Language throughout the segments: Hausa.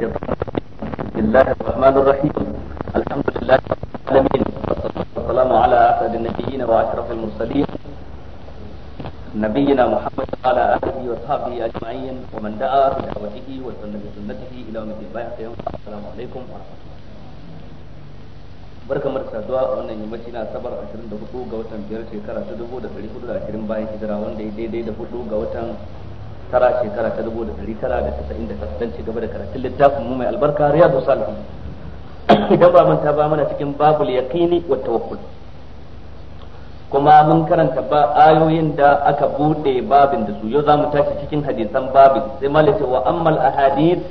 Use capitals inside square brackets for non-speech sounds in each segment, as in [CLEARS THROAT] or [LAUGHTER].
بسم الله الرحمن الرحيم الحمد لله رب العالمين والسلام على أسعد النبيين وأشرف المرسلين نبينا محمد وعلى آله وصحبه أجمعين ومن دعا بدعوته وسن بسنته إلى يوم الدين السلام عليكم ورحمة الله barka da saduwa a wannan yammaci na sabar 24 ga watan biyar shekara ta 2420 bayan hijira wanda ya daidai da 4 ga watan tara shekara ta dubu da dari tara da da don da karatun littafin mu mai albarka riyadu salihin [COUGHS] idan ba manta ba mana cikin babul yaqini wa tawakkul kuma mun karanta ba ayoyin da aka bude babin da su yau za mu tashi cikin hadisan babin sai malaka wa ammal ahadith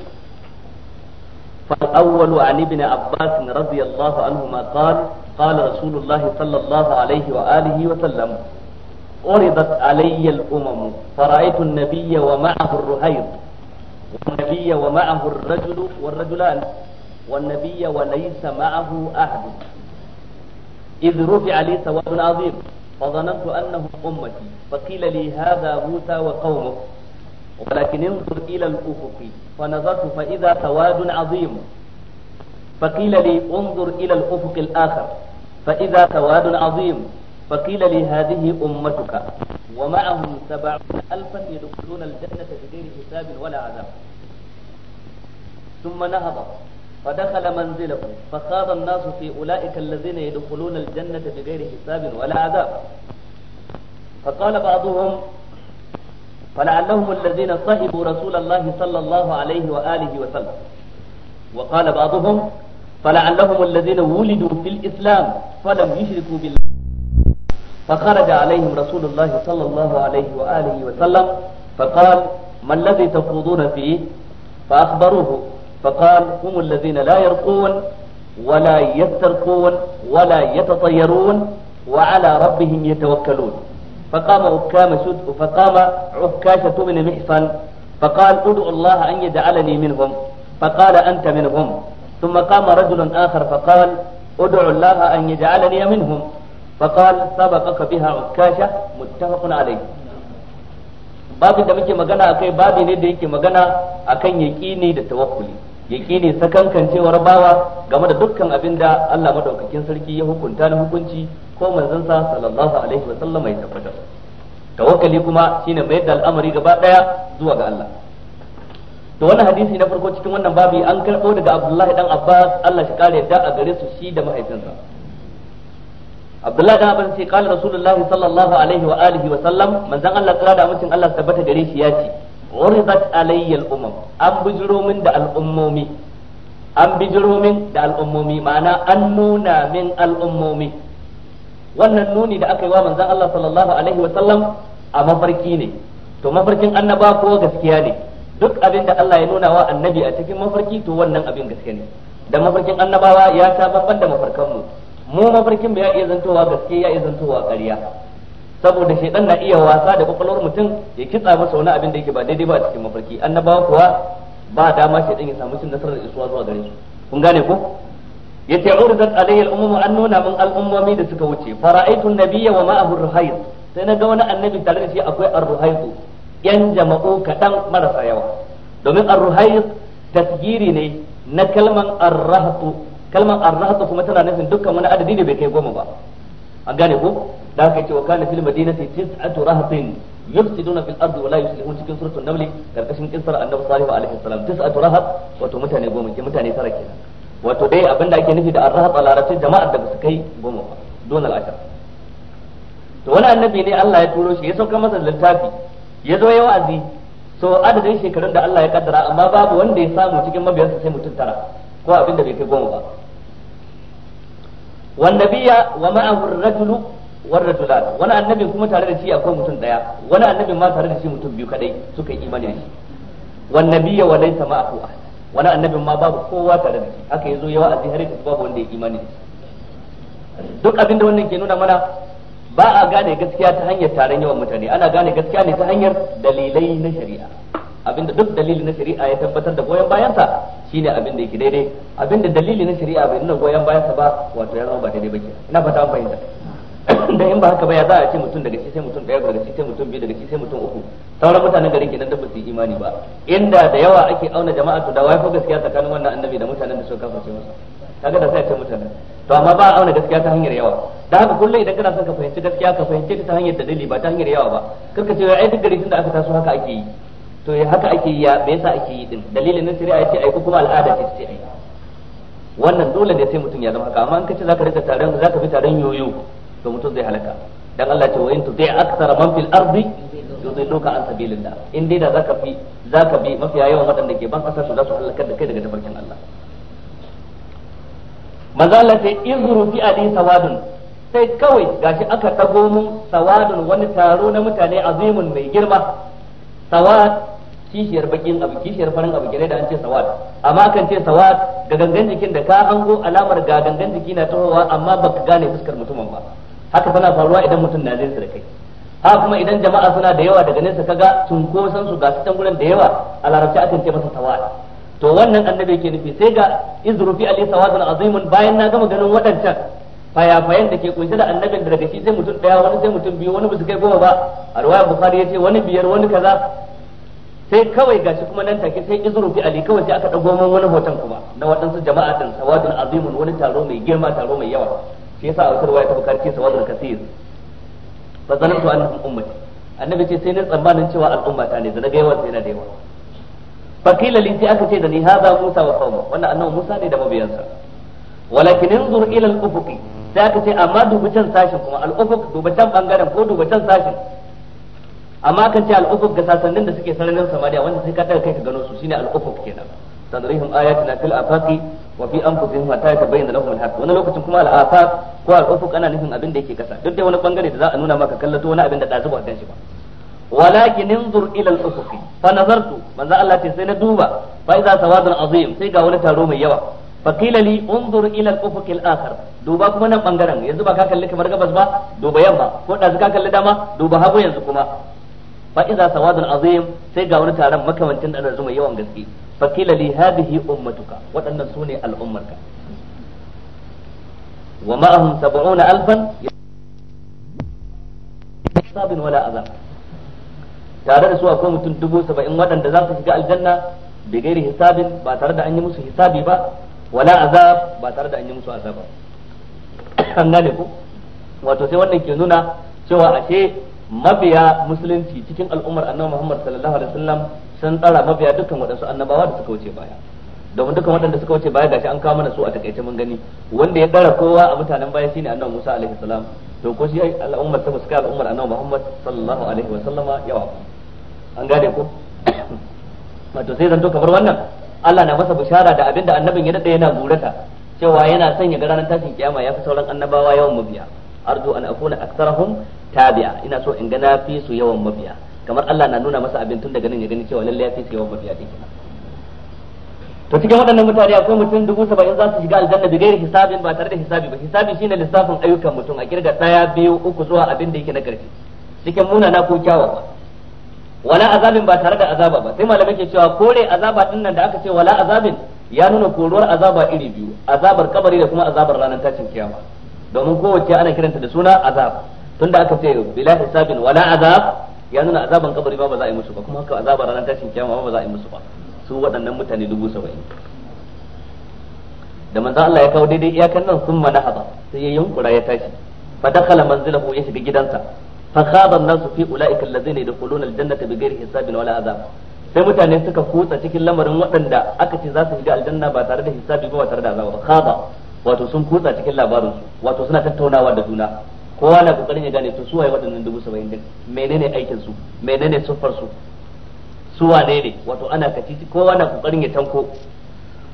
فالأول عن ابن عباس رضي الله عنهما قال قال رسول الله صلى الله عليه وآله وسلم عرضت علي الأمم فرأيت النبي ومعه الرهيض والنبي ومعه الرجل والرجلان والنبي وليس معه أحد إذ رفع لي ثواب عظيم فظننت أنه أمتي فقيل لي هذا موسى وقومه ولكن انظر إلى الأفق فنظرت فإذا ثواب عظيم فقيل لي انظر إلى الأفق الآخر فإذا ثواب عظيم فقيل لي هذه أمتك ومعهم سبعون ألفا يدخلون الجنة بغير حساب ولا عذاب ثم نهض فدخل منزله فخاض الناس في أولئك الذين يدخلون الجنة بغير حساب ولا عذاب فقال بعضهم فلعلهم الذين صحبوا رسول الله صلى الله عليه وآله وسلم وقال بعضهم فلعلهم الذين ولدوا في الإسلام فلم يشركوا بالله فخرج عليهم رسول الله صلى الله عليه وآله وسلم فقال ما الذي تخوضون فيه فأخبروه فقال هم الذين لا يرقون ولا يسترقون ولا يتطيرون وعلى ربهم يتوكلون فقام أكام شد فقام عكاشة بن محصن فقال ادعوا الله أن يجعلني منهم فقال أنت منهم ثم قام رجل آخر فقال ادعوا الله أن يجعلني منهم فقال سبقك بها عكاشة متفق عليه babin da muke magana akai babi ne da yake magana akan yaqini da tawakkuli yaqini sakankan cewar bawa game da dukkan abin da Allah madaukakin sarki ya hukunta na hukunci ko sa sallallahu alaihi wa sallam ya tabbatar tawakkali kuma shine mai da al'amari gaba daya zuwa ga Allah to wannan hadisi na farko cikin wannan babi an karɓo daga Abdullahi dan Abbas Allah shi kare da a gare su shi da mahaifinsa Abdullahi dan Abbas ce qala Rasulullahi sallallahu alaihi wa alihi wa sallam manzon Allah tsira da amincin Allah tabbata gare shi ya ce uridat alayya al-umam an bijiro min da al'ummomi an ma'ana an nuna al'ummomi wannan nuni da aka yi wa manzon Allah sallallahu alaihi wa sallam a mafarki ne to mafarkin annaba ko gaskiya ne duk abin da Allah ya nuna wa annabi a cikin mafarki to wannan abin gaskiya ne da mafarkin annabawa ya ta babban da mafarkan mu mu mafarkin ba ya iya zantowa gaske ya iya zantowa ƙarya saboda shaidan na iya wasa da kwakwalwar mutum ya kitsa masa wani abin da yake ba daidai ba a cikin mafarki annabawa kuwa ba dama shaidan ya samu cin nasarar isuwa zuwa gare su kun gane ko yace urdat alayhi al an nuna min al'ummomi da suka wuce fara'aytu an-nabiyya wa ma'ahu ar-ruhayt sai na ga wani annabi tare da shi akwai ar-ruhayt yan jama'u kaɗan marasa yawa domin ar-ruhayt tasgiri ne na kalman ar-rahtu kalmar arraha kuma tana nufin dukkan wani adadi da bai kai goma ba an gane ko da aka ce wa kana fil madinati tis'atu rahatin yufsiduna fil ardi wa la yuslihun cikin suratul naml karkashin kisar annabi salihu alaihi salam tis'atu rahat wato mutane goma ke mutane tara kenan wato dai abinda ake nufi da arrahat a larabcin jama'ar da ba su kai goma ba don al'ashar to wani annabi ne Allah ya turo shi ya sauka masa littafi ya zo ya wa'azi so adadin shekarun da Allah ya kaddara amma babu wanda ya samu cikin mabiyansa sai mutum tara ko abin da bai kai goma ba wan nabiyya wa ma'ahu ar-rajulu war rajulan wani annabi kuma tare da shi akwai mutum daya wani annabi ma tare da shi mutum biyu kadai suka yi imani shi wan nabiyya wa laysa ma'ahu wani annabin ma babu kowa tare da shi haka yazo yawa a zihari babu wanda ya imani duk abin da wannan ke nuna mana ba a gane gaskiya ta hanyar taron yawan mutane ana gane gaskiya ne ta hanyar dalilai na shari'a abinda duk dalili na shari'a ya tabbatar da goyon bayansa shine abin da yake daidai abin da dalili na shari'a bai nuna goyon bayan sa ba wato ya zama ba daidai ke ina fata an fahimta [COUGHS] da in ba haka ba ya za a ce mutum daga shi sai mutum daya daga shi sai mutum biyu daga shi sai mutum uku sauran mutanen garin kenan da ba su yi imani ba inda da yawa ake auna jama'a to da wai fa gaskiya tsakanin wannan annabi da mutanen da suka kafa masa kaga da sai ce mutanen to amma ba a auna gaskiya ta hanyar yawa da haka kullum idan kana son ka fahimci gaskiya ka fahimce ta hanyar dalili ba ta hanyar yawa ba karka ce ai duk garin da aka taso haka ake yi to ya haka ake yi me yasa ake yi din dalilin na shari'a ce ai ko kuma al'ada ce ce wannan dole ne sai mutum ya zama haka amma in ka ce zaka rika taron zaka bi taron yoyo to mutum zai halaka dan Allah ce wa in tuti aktsara man fil ardi yudilluka an sabilillah in dai da zaka bi zaka bi mafiya yawan wadanda ke ban kasar su za su halakar da kai daga tafarkin Allah manzala ce izru fi ali sawadun sai kawai gashi aka tago mun sawadun wani taro na mutane azimun mai girma sawad kishiyar bakin abu kishiyar farin abu kire da an ce sawad amma akan ce sawad ga gangan jikin da ka hango alamar ga gangan jiki na tahowa amma baka gane fuskar mutumin ba haka tana faruwa idan mutum na nesa da kai ha kuma idan jama'a suna da yawa daga nesa kaga san su ga su can gurin da yawa a larabci akan ce masa sawad to wannan annabi ke nufi sai ga izrufi ali sawatun azimun bayan na gama ganin waɗancan fayafayan da ke kunshe da annabin da daga shi sai mutum daya wani sai mutum biyu wani ba su kai goma ba a ruwaya bukhari ya ce wani biyar wani kaza sai kawai gashi kuma nan take sai izuru fi ali kawai sai aka dago man wani hoton kuma na waɗansu jama'a din sawadun azimun wani taro mai girma taro mai yawa shi yasa a wutar ruwaya ta bukari ce sawadun kasir fa zanantu annahum ummati annabi ce sai na tsammanin cewa al'umma ta ne da daga yawa sai na da yawa fa kila li sai aka ce da ni hada musa wa qauma wannan annabi musa ne da mabiyansa walakin انظر الى الافق sai aka ce amma dubi can sashin kuma al'ufuk dubi can bangaren ko dubi can sashin amma kan ce al'ufuk ga sasannin da suke sararin samariya wanda sai ka daga kai ka gano su shine al'ufuk kenan sanarihim ayatina fil afaqi wa fi anfusihim hatta yatabayyana lahum al-haq wani lokacin kuma al-afaq ko al-ufuk ana nufin abin da yake kasa duk da wani bangare da za a nuna maka kallato wani abin da da zuba kan shi ba walakin inzur ila al-ufuqi fa nazartu manzo Allah ce sai na duba fa idza sawadun azim sai ga wani taro mai yawa faqila li unzur ila al-ufuq al-akhar duba kuma nan bangaren yanzu ba ka kalli kamar gabas ba duba yamma ko da ka kalli dama duba hagu yanzu kuma fa idza sawadun azim sai ga wani taron makamantin da zuma yawan gaske faqila li hadhihi ummatuka waɗannan sune al'ummarka wa ma'ahum 70 alfan sabin wala azab tare da su akwai mutum dubu saba'in waɗanda za su shiga aljanna bi gairi hisabin ba tare da an yi musu hisabi ba wala azab ba tare da an yi musu ba an gane ko wato sai wannan ke nuna cewa ashe mabiya musulunci cikin al'ummar annabi Muhammad sallallahu alaihi wasallam sun tsara mabiya dukkan waɗansu annabawa da suka wuce baya domin dukkan waɗanda suka wuce baya gashi an kawo mana su a takaice mun gani wanda ya tsara kowa a mutanen baya shine annabi Musa alaihi salam to ko shi al'ummar ta suka al'ummar annabi Muhammad sallallahu alaihi wasallama yawa an gane ko [COUGHS] wato sai zan to kamar wannan Allah na masa bishara da abinda annabin ya daɗe yana gurata cewa yana sanya ga ranar tashin kiyama ya fi sauran annabawa yawan mabiya arzu an akuna aktsarahum tabi'a ina so in ga na fi su yawan mabiya kamar Allah na nuna masa abin tun daga nan ya gani cewa lalle ya fi su yawan mabiya dinki to cikin waɗannan mutane akwai mutum dubu saba'in za su shiga aljanna bi gairi hisabin ba tare da hisabi ba hisabi shine lissafin ayyukan mutum a kirga daya biyu uku zuwa abin da yake na karfi cikin munana ko kyawawa wala azabin ba tare da azaba ba sai malamai ke cewa kore azaba din nan da aka ce wala azabin ya nuna koruwar azaba iri biyu azabar kabari da kuma azabar ranar tashin kiyama domin kowace ana kiranta da suna azab tunda aka ce bila hisabin wala azab ya nuna azaban kabari ba ba za a yi musu ba kuma haka azabar ranar tashin kiyama ba ba za a yi musu ba su waɗannan mutane dubu saba'in da manzo Allah ya kawo daidai iyakan nan sun manahaba sai ya yunkura ya tashi fa dakhala manzilahu ya shiga gidansa fa khaba an-nasu fi ulaika allazina yadkhuluna al-jannata bighairi hisabin wala azab sai mutane suka kutsa cikin lamarin waɗanda aka ce za su shiga aljanna ba tare da hisabi ba tare da azaba khaba wato sun kutsa cikin labarin su wato suna tattaunawa da juna kowa na kokarin ya gane to su waye waɗannan dubu saba'in din menene aikin su menene siffar su su wane ne wato ana kacici kowa na kokarin ya tanko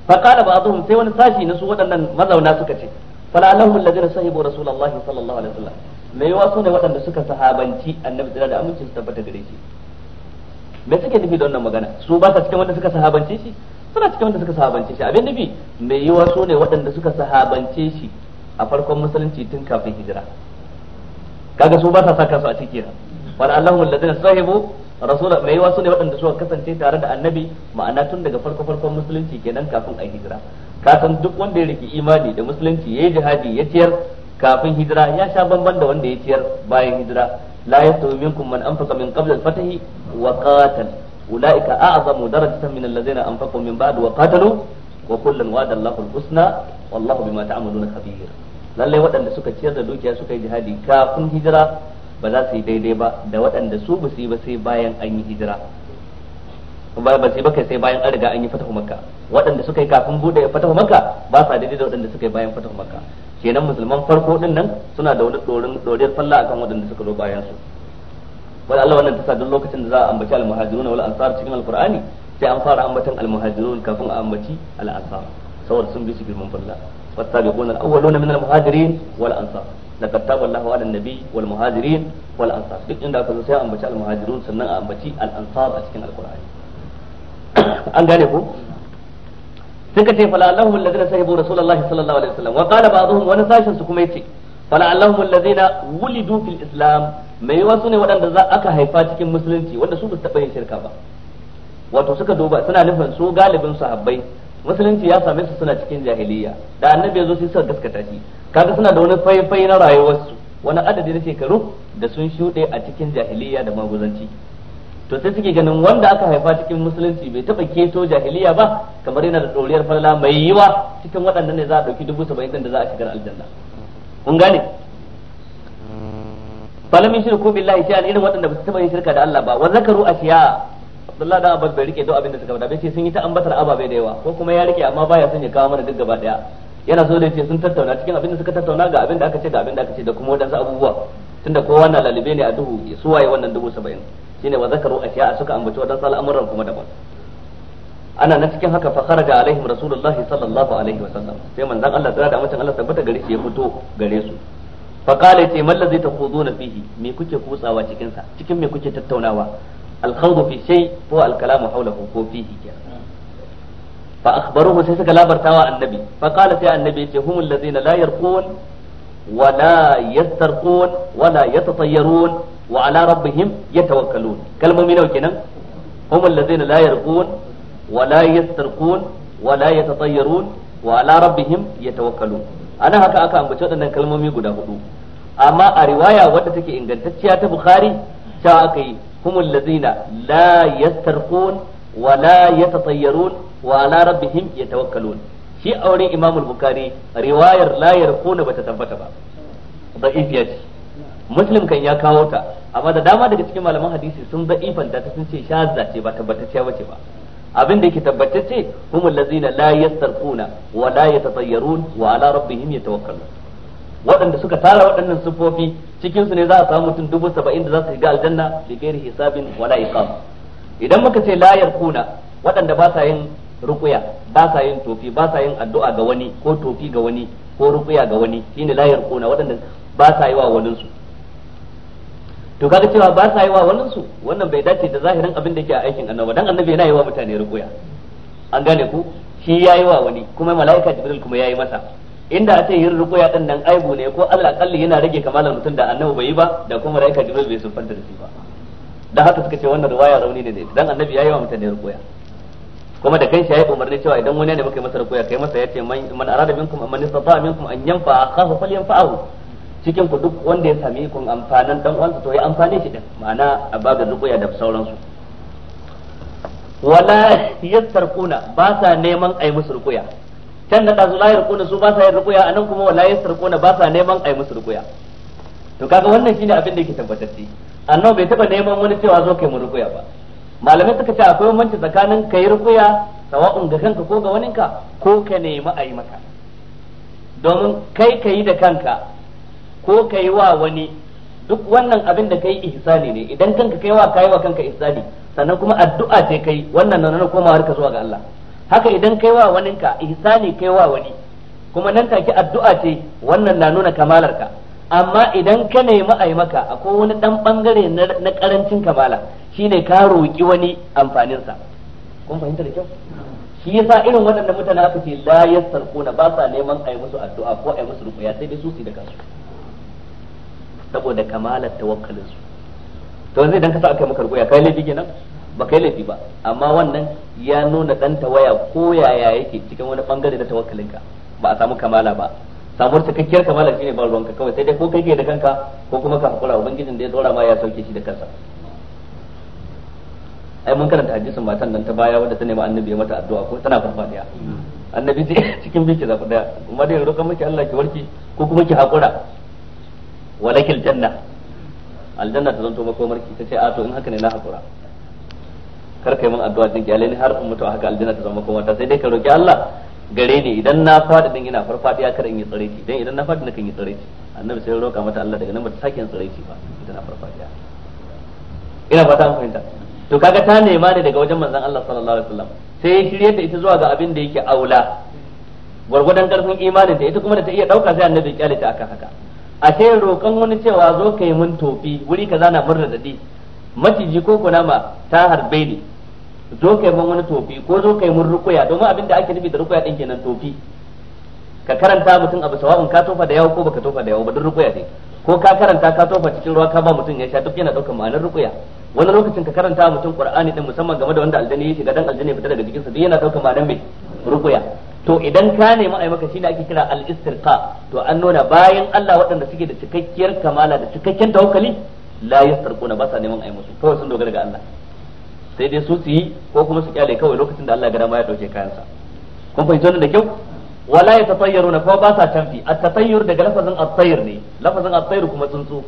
fa qala ba'dhum sai wani sashi na su waɗannan mazauna suka ce fala lahum alladhina sahibu rasulullahi sallallahu alaihi wasallam mai yawa su ne waɗanda suka sahabanci annabi tsira da amince su tabbata gare shi me suke nufi da wannan magana su ba sa cikin wanda suka sahabance shi suna cikin wanda suka sahabance shi abin nufi mai yawa su ne waɗanda suka sahabance shi a farkon musulunci tun kafin hijira kaga su ba sa saka su a ciki na wal allahu alladhina sahibu rasul mai yawa su ne waɗanda suka kasance tare da annabi ma'ana tun daga farko farkon musulunci kenan kafin a hijira ka san duk wanda ya rike imani da musulunci yayi jihadi ya ciyar kafin hijira ya sha bamban da wanda ya ciyar bayan hijira la yastawi minkum man anfaqa min qabl al-fath wa qatal ulaika a'zamu darajatan min allazina anfaqu min ba'd wa qatalu wa kullun wa'ada Allahu al-husna wallahu bima ta'maluna khabir lalle waɗanda suka ciyar da dukiya suka yi jihadi kafin hijira ba za su yi daidai ba da waɗanda su ba su yi ba sai bayan an yi hijira ba sai ba kai sai bayan an riga an yi fatahu makka waɗanda suka yi kafin bude fatahu makka ba sa daidai da waɗanda suka yi bayan fatahu makka kenan musulman farko din nan suna da wani dorin doriyar falla akan waɗanda suka zo bayan su wala Allah wannan tasa duk lokacin da za a ambaci al-muhajirun wal ansar cikin alqur'ani sai an fara ambatan al-muhajirun kafin a ambaci al-ansar saboda sun bi su girman falla والسابقون الأولون من المهاجرين والأنصار لقد تاب nabi wal muhajirin wal ansar duk inda aka zo sai an bace al-muhajirun sannan a ambaci al-ansar a cikin alqur'ani [COUGHS] an gane ko suka ce fala allahum alladhina sahibu rasulullahi sallallahu alaihi wasallam wa qala ba'dhum wani sashin su kuma yace fala allahumma alladhina wulidu fil islam mai wasu ne waɗanda za aka haifa cikin musulunci wanda su ba su taɓa yin shirka ba wato suka duba suna nufin su galibin sahabbai musulunci ya same su suna cikin jahiliya da annabi ya zo sai suka gaskata shi kaga suna da wani faifai na rayuwarsu wani adadi na shekaru da sun shuɗe a cikin jahiliya da maguzanci to sai suke ganin wanda aka haifa cikin musulunci bai taba keto jahiliya ba kamar yana da doriyar falala mai yiwa cikin waɗannan ne za a ɗauki dubu saba'in da za a shigar aljanna kun gane falam ko billahi shay'an irin waɗanda ba su taba yin shirka da Allah ba wa zakaru ashiya Abdullahi da Abbas bai rike duk abin da suka faɗa bai ce sun yi ta ambatar ababai da yawa ko kuma ya rike amma baya son ya kawo mana duk gaba daya yana so da ce sun tattauna cikin abin da suka tattauna ga abin da aka ce da abin da aka ce da kuma wadansu abubuwa tunda kowa na lalibe ne a duhu su waye wannan dubu saba'in shine wa zakaru ashiya suka ambaci wadansu al'amuran kuma daban ana na cikin haka fa kharaja alaihim rasulullahi sallallahu alaihi wa sallam sai manzon Allah tsara da mutum Allah tabbata gare shi ya fito gare su fa qala ce man ladzi takhuduna fihi me kuke kutsawa cikin sa cikin me kuke tattaunawa al khawdu fi shay ko al kalamu hawlahu ko fihi fa akhbaruhu sai suka labartawa annabi fa qala sai annabi ce humul ladzina la yarqun wa la yastarqun wa la yatatayyarun wa ala rabbihim yatawakkalun kalmomi nawa kenan humul ladzina la yarqun wa la yastarqun wa la yatatayyarun wa ala rabbihim yatawakkalun anan haka aka ambaci waɗannan kalmomi guda hudu amma a riwaya wadda take ingantacciya ta bukhari ta aka yi humul ladzina la yastarqun wa la yatatayyarun wa ala rabbihim yatawakkalun shi auren imamul bukhari riwayar la bata tabbata ba da'ifiya muslim kan ya kawo ta amma da dama daga cikin malaman hadisi sun da'ifanta ta sun ce shazza ce ba tabbatacciya bace ba abin da yake tabbatacce humul ladzina la yastarquna wa la yatatayyarun wa ala rabbihim yatawakkalun waɗanda suka tara waɗannan siffofi cikin su ne za a samu mutum dubu saba'in da za su shiga aljanna bi ghairi hisabin la iqam idan muka ce la yarquna waɗanda ba sa yin rukuya ba sa yin tofi ba sa yin addu'a ga wani ko tofi ga wani ko rukuya ga wani shine la yarquna waɗanda ba sa yi wa waninsu to kaga cewa ba sa yi wa wannan su wannan bai dace da zahirin abin da yake a aikin annabi dan annabi yana yi wa mutane rukuya an gane ku shi yayi wa wani kuma malaika jibril kuma yayi masa inda a ce yin rukuya din nan aibu ne ko Allah kalli yana rage kamalar mutum da annabi bai yi ba da kuma malaika jibril bai sunfanta da shi ba da haka suka ce wannan ruwaya rauni ne dan annabi yayi wa mutane rukuya kuma da kanshi yayi umarni cewa idan wani ne muka yi masa rukuya kai masa yace man arada minkum amman istata minkum an yanfa khafa falyanfa'u cikin ku duk wanda ya sami ikon amfanin dan uwansa to ya amfane shi din ma'ana a babin zuƙuya da sauransu wala yastarquna ba sa neman ai musu rukuya can da ɗazu la yarquna su ba sa yin rukuya anan kuma wala yastarquna ba sa neman ai musu rukuya to kaga wannan shine abin da yake tabbatacce annabi bai taba neman wani cewa zo kai mu rukuya ba malamai suka ce akwai bambanci tsakanin kai rukuya sawa'un ga kanka ko ga waninka ko ka nemi a yi maka domin kai ka yi da kanka ko yi wa wani duk wannan abin da kai ihsani ne idan kanka kai wa yi wa kanka ihsani sannan kuma addu'a ce kai wannan nan na komawar ka zuwa ga Allah haka idan kai wa waninka ihsani kai wa wani kuma nan take addu'a ce wannan na nuna kamalar ka amma idan ka nemi a maka akwai wani dan bangare na karancin kamala shine ka roki wani amfaninsa kun fahimta da kyau shi yasa irin waɗannan mutane aka ce la yassarquna ba sa neman a yi musu addu'a ko a yi musu ruqya sai dai su su da kansu saboda kamalar tawakkalin su to yanzu idan ka sa aka maka rukuya kai laifi kenan ba kai laifi ba amma wannan ya nuna dan tawaya ko yaya yake cikin wani bangare na tawakkalin ka ba a samu kamala ba samuwar cikakkiyar kamala shine ba ruwanka kawai sai dai ko kai ke da kanka ko kuma ka hakura ubangijin da ya dora ma ya sauke shi da kansa ai mun karanta hadisin matan nan ta baya wadda ta nemi annabi ya mata addu'a ko tana farfadiya hmm. annabi sai [LAUGHS] cikin biki zafi daya kuma dai roƙon miki Allah ki warke ko kuma ki hakura walakil janna aljanna ta zanto makomarki ta ce a to in haka ne na hakura kar kai mun addu'a din kyale ni har in mutu haka aljanna ta zama makomarta sai dai ka roki Allah gare ni idan na faɗi din ina farfadiya kar in yi tsare ki dan idan na faɗi nakan yi tsare ki annabi sai roka mata Allah daga nan ba ta sake yin tsare ki ba idan na farfadiya ina fata an fahimta to kaga ta nema ne daga wajen manzon Allah sallallahu alaihi wasallam sai ya shirye ta ita zuwa ga abin da yake aula gwargwadon karfin imanin ta ita kuma da ta iya dauka sai annabi kyale ta akan haka a ce roƙon wani cewa zo ka yi mun tofi wuri kaza na murna da maciji ko kunama ta harbe ni zo ka yi mun wani tofi ko zo ka yi mun rukuya domin abin da ake nufi da rukuya ɗin kenan tofi ka karanta mutum abu sawa'un ka tofa da yawo ko baka tofa da yawo ba duk rukuya ne ko ka karanta ka tofa cikin ruwa ka ba mutum ya sha duk yana ɗaukar ma'anar rukuya wani lokacin ka karanta mutum qur'ani din musamman game da wanda aljani ya shiga dan aljani fita daga jikinsa duk yana ɗaukar ma'anar mai rukuya to idan ka nemi ai maka shine ake kira al to an nuna bayan Allah waɗanda suke da cikakkiyar kamala da cikakken tawakkali la yastarquna ba sa neman ai musu kawai sun dogara ga Allah sai dai su su yi ko kuma su kyale kawai lokacin da Allah ga dama ya dauke kayansa kun fahimci da kyau wala yatatayyaruna ko ba sa tanfi at-tatayyur daga lafazin at ne lafazin at-tayr kuma tsuntsu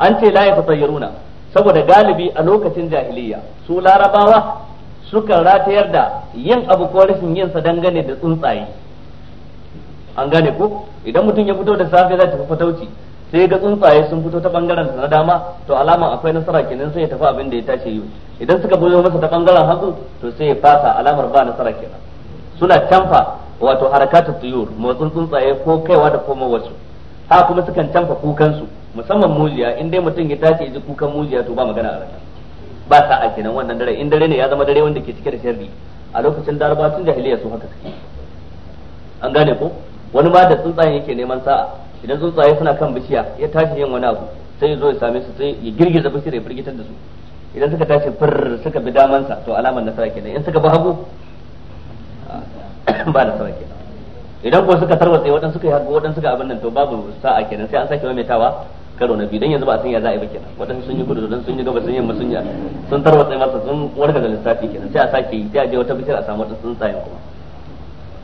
an ce la yatatayyaruna saboda galibi a lokacin jahiliyya su larabawa sukan ratayar da yin abu ko rashin yin sa dangane da tsuntsaye an gane ko idan mutum ya fito da safe zai tafi fatauci sai ga tsuntsaye sun fito ta bangaren na dama to alama akwai nasara kenan sai ya tafi abin da ya tashi yi idan suka buzo masa ta bangaren hagu to sai ya fasa alamar ba nasara kenan suna canfa wato harakata tuyur motsin tsuntsaye ko kaiwa da koma wasu ha kuma sukan canfa kukansu musamman mujiya in dai mutum ya tashi ya ji kukan mujiya to ba magana a ba sa'a kenan wannan dare in dare ne ya zama dare wanda ke cike da sharri a lokacin daraba tun jahiliya su haka suke an gane ko wani ma da tsuntsaye yake neman sa'a idan tsuntsaye suna kan bishiya ya tashi yin wani abu sai ya zo ya same su sai ya girgiza bishiyar ya firgitar da su idan suka tashi fir suka bi daman sa to alamar nasara kenan in suka bi hagu [COUGHS] ba nasara kenan idan ko suka tarwatsa waɗansu suka yi hagu waɗansu suka abin nan to babu sa'a kenan sai an sake maimaitawa karo na biyu dan yanzu ba a san ya za a yi ba kenan wadansu sun yi kudu don sun yi gaba sun yi sun ya sun tarwatsa masa sun warka da lissafi kenan sai a sake yi sai a je wata bishiyar a samu wata tsuntsayen kuma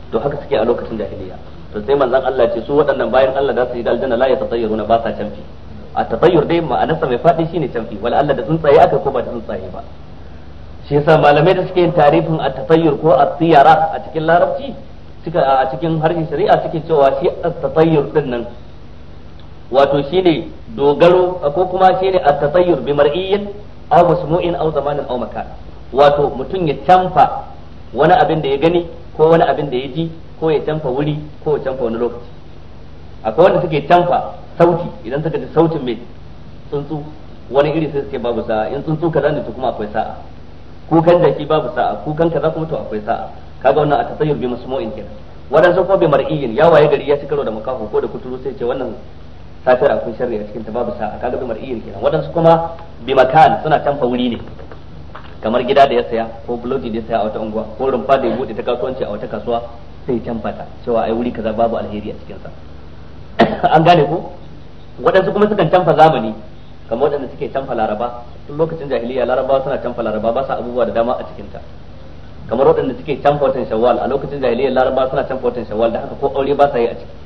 to haka suke a lokacin jahiliya to sai manzon Allah ce su waɗannan bayan Allah za su yi aljanna la yatatayyaruna ba sa canfi a tatayyur dai ma'anarsa mai faɗi shine canfi wala Allah da tsuntsaye aka ko ba da tsuntsaye ba shi yasa malamai da suke yin tarifin a tatayyur ko a tsiyara a cikin larabci suka a cikin harshen shari'a suke cewa shi a tatayyur din nan wato shine dogaro ko kuma shine at-tasayyur bi mar'iyyin aw masmu'in aw zamanin aw makan wato mutum ya canfa wani abin da ya gani ko wani abin da ya ji ko ya canfa wuri ko ya canfa wani lokaci akwai wanda suke canfa sauti idan suka ji sautin mai tsuntsu wani iri sai suke babu sa'a in tsuntsu kaza ne to kuma akwai sa'a kukan shi babu sa'a kukan kaza kuma to akwai sa'a kaga wannan a tasayyur bi masmu'in kenan wadansu kuma bi mar'iyyin ya waye gari ya ci karo da makaho ko da kuturu sai ce wannan ta tara akwai sharri a cikin ta babu sa'a kaga bi mar'iyin kenan wadansu kuma bi makan suna canfa wuri ne kamar gida da ya saya ko blogi da ya saya a wata unguwa ko rumfa da ya bude ta kasuwanci a wata kasuwa sai can fata cewa ai wuri kaza babu alheri a cikin sa [COUGHS] an gane ko wadansu kuma sukan canfa zamani kamar wadanda suke canfa laraba tun lokacin jahiliya laraba suna canfa laraba ba sa abubuwa da dama a cikin ta kamar wadanda suke canfa watan shawwal a lokacin jahiliya laraba suna canfa watan shawwal da haka ko aure ba sa yi a ciki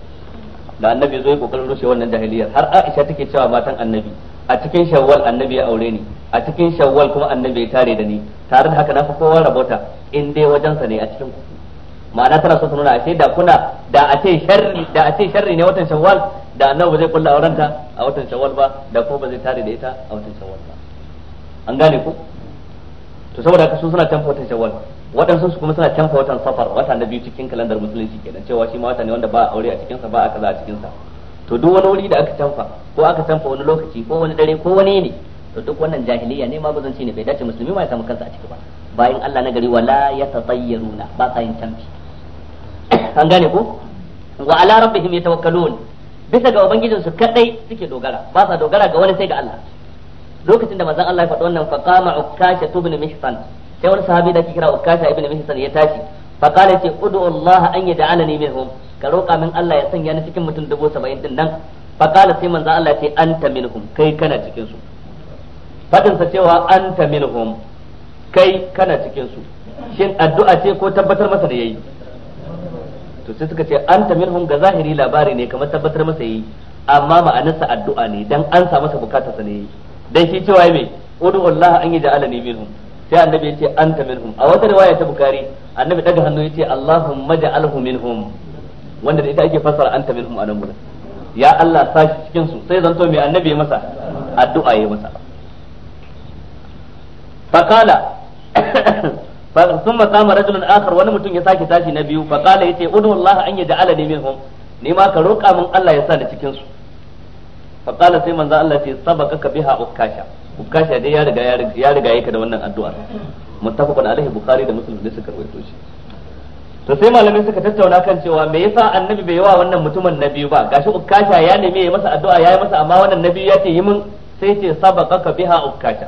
da annabi zo ya kokarin rushe wannan jahiliyar har Aisha take cewa matan annabi a cikin shawwal annabi ya aure ni a cikin shawwal kuma annabi ya tare da ni tare da haka na fi kowa rabota in dai wajensa ne a cikin ku ma'ana tana so ta nuna ashe da kuna da a ce sharri da a ce sharri ne watan shawwal da annabi ba zai kulla aurenta a watan shawwal ba da kuma ba tare da ita a watan shawwal ba an gane ku to saboda haka su suna canfa watan shawwal waɗansu su kuma suna canfa watan safar wata na biyu cikin kalandar musulunci kenan cewa shi ma wata ne wanda ba a aure a cikin sa ba a kaza a cikin sa to duk wani wuri da aka canfa ko aka canfa wani lokaci ko wani dare ko wani ne to duk wannan jahiliya ne ma guzanci ne bai dace musulmi ma ya samu kansa a ciki ba bayan Allah na gari wala yatatayyaruna ba sa yin canfi [COUGHS] an gane ko wa ala rabbihim yatawakkalun bisa ga ubangijinsu kadai suke dogara ba sa dogara ga wani sai ga Allah lokacin da manzon Allah ya faɗi wannan fa qama ukasha ibn mihsan sai wani sahabi da ke kira ukasha ibn mihsan ya tashi fa qala ce ud'u Allah an yaj'alani minhum ka roƙa min Allah ya sanya ni cikin mutum dubu saba'in din nan fa qala sai manzon Allah ce anta minhum kai kana cikin su fadin sa cewa anta minhum kai kana cikin su shin addu'a ce ko tabbatar masa da yayi to sai suka ce anta minhum ga zahiri labari ne kamar tabbatar masa yayi amma ma'anarsa addu'a ne dan an sa masa bukatarsa ne yayi dan shi cewa mai udu Allah an yi ja'alani minhum sai annabi yace anta minhum a wata riwaya ta bukari annabi daga hannu yace Allahumma ja'alhu minhum wanda da ita ake fassara anta minhum anan gurin ya Allah sashi cikin su sai zanto mai annabi masa addu'a yayi masa faqala ثم قام رجل اخر wani mutum ya sake tashi na biyu faqala yace udu Allah an yaj'alani minhum ni ma ka roƙa min Allah ya sa ni cikin fa sai manzo Allah ce ka biha ukasha ukasha dai ya riga ya riga yake da wannan addu'a muttafaqun alaihi bukhari da muslim ne suka rawaito shi to sai malamai suka tattauna kan cewa me yasa annabi bai wa wannan mutumin na biyu ba gashi ukasha ya nemi ya masa addu'a ya yi masa amma wannan nabi ya ce yi min sai ce sabaqaka biha ukasha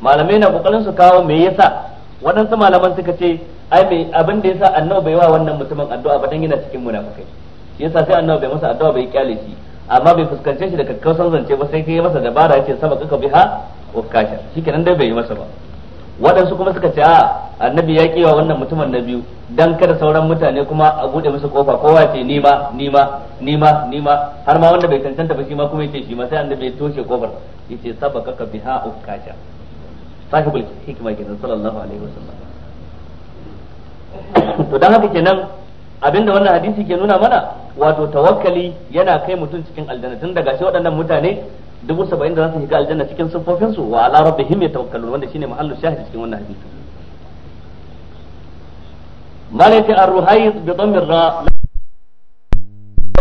malamai na kokarin su kawo me yasa waɗansu malaman suka ce ai me abin da yasa annabi bai wa wannan mutumin addu'a ba dan yana cikin munafikai shi yasa sai annabi bai masa addu'a bai kyale shi amma bai fuskance shi da kakkausan zance ba sai kai masa dabara yace sabaka ka biha wa kasha shikenan dai bai yi masa ba waɗansu kuma suka ce a annabi ya kiwa wannan mutumin na biyu dan kada sauran mutane kuma a bude musu kofa kowa ce ni ma ni ma ni ma ni ma har ma wanda bai cancanta ba shi ma kuma yace shi ma sai annabi ya toshe kofar yace sabaka ka biha wa kasha sahibul hikma kenan sallallahu alaihi wasallam to dan haka kenan abinda wannan hadisi ke nuna mana wato tawakkali yana kai mutum cikin aljanna tun daga shi waɗannan mutane dubu saba'in da za su shiga aljanna cikin siffofin su wa ala rabbihim yatawakkalun wanda shine mahallu shahid cikin wannan hadisi malaka ar-ruhayz bi dhammir ra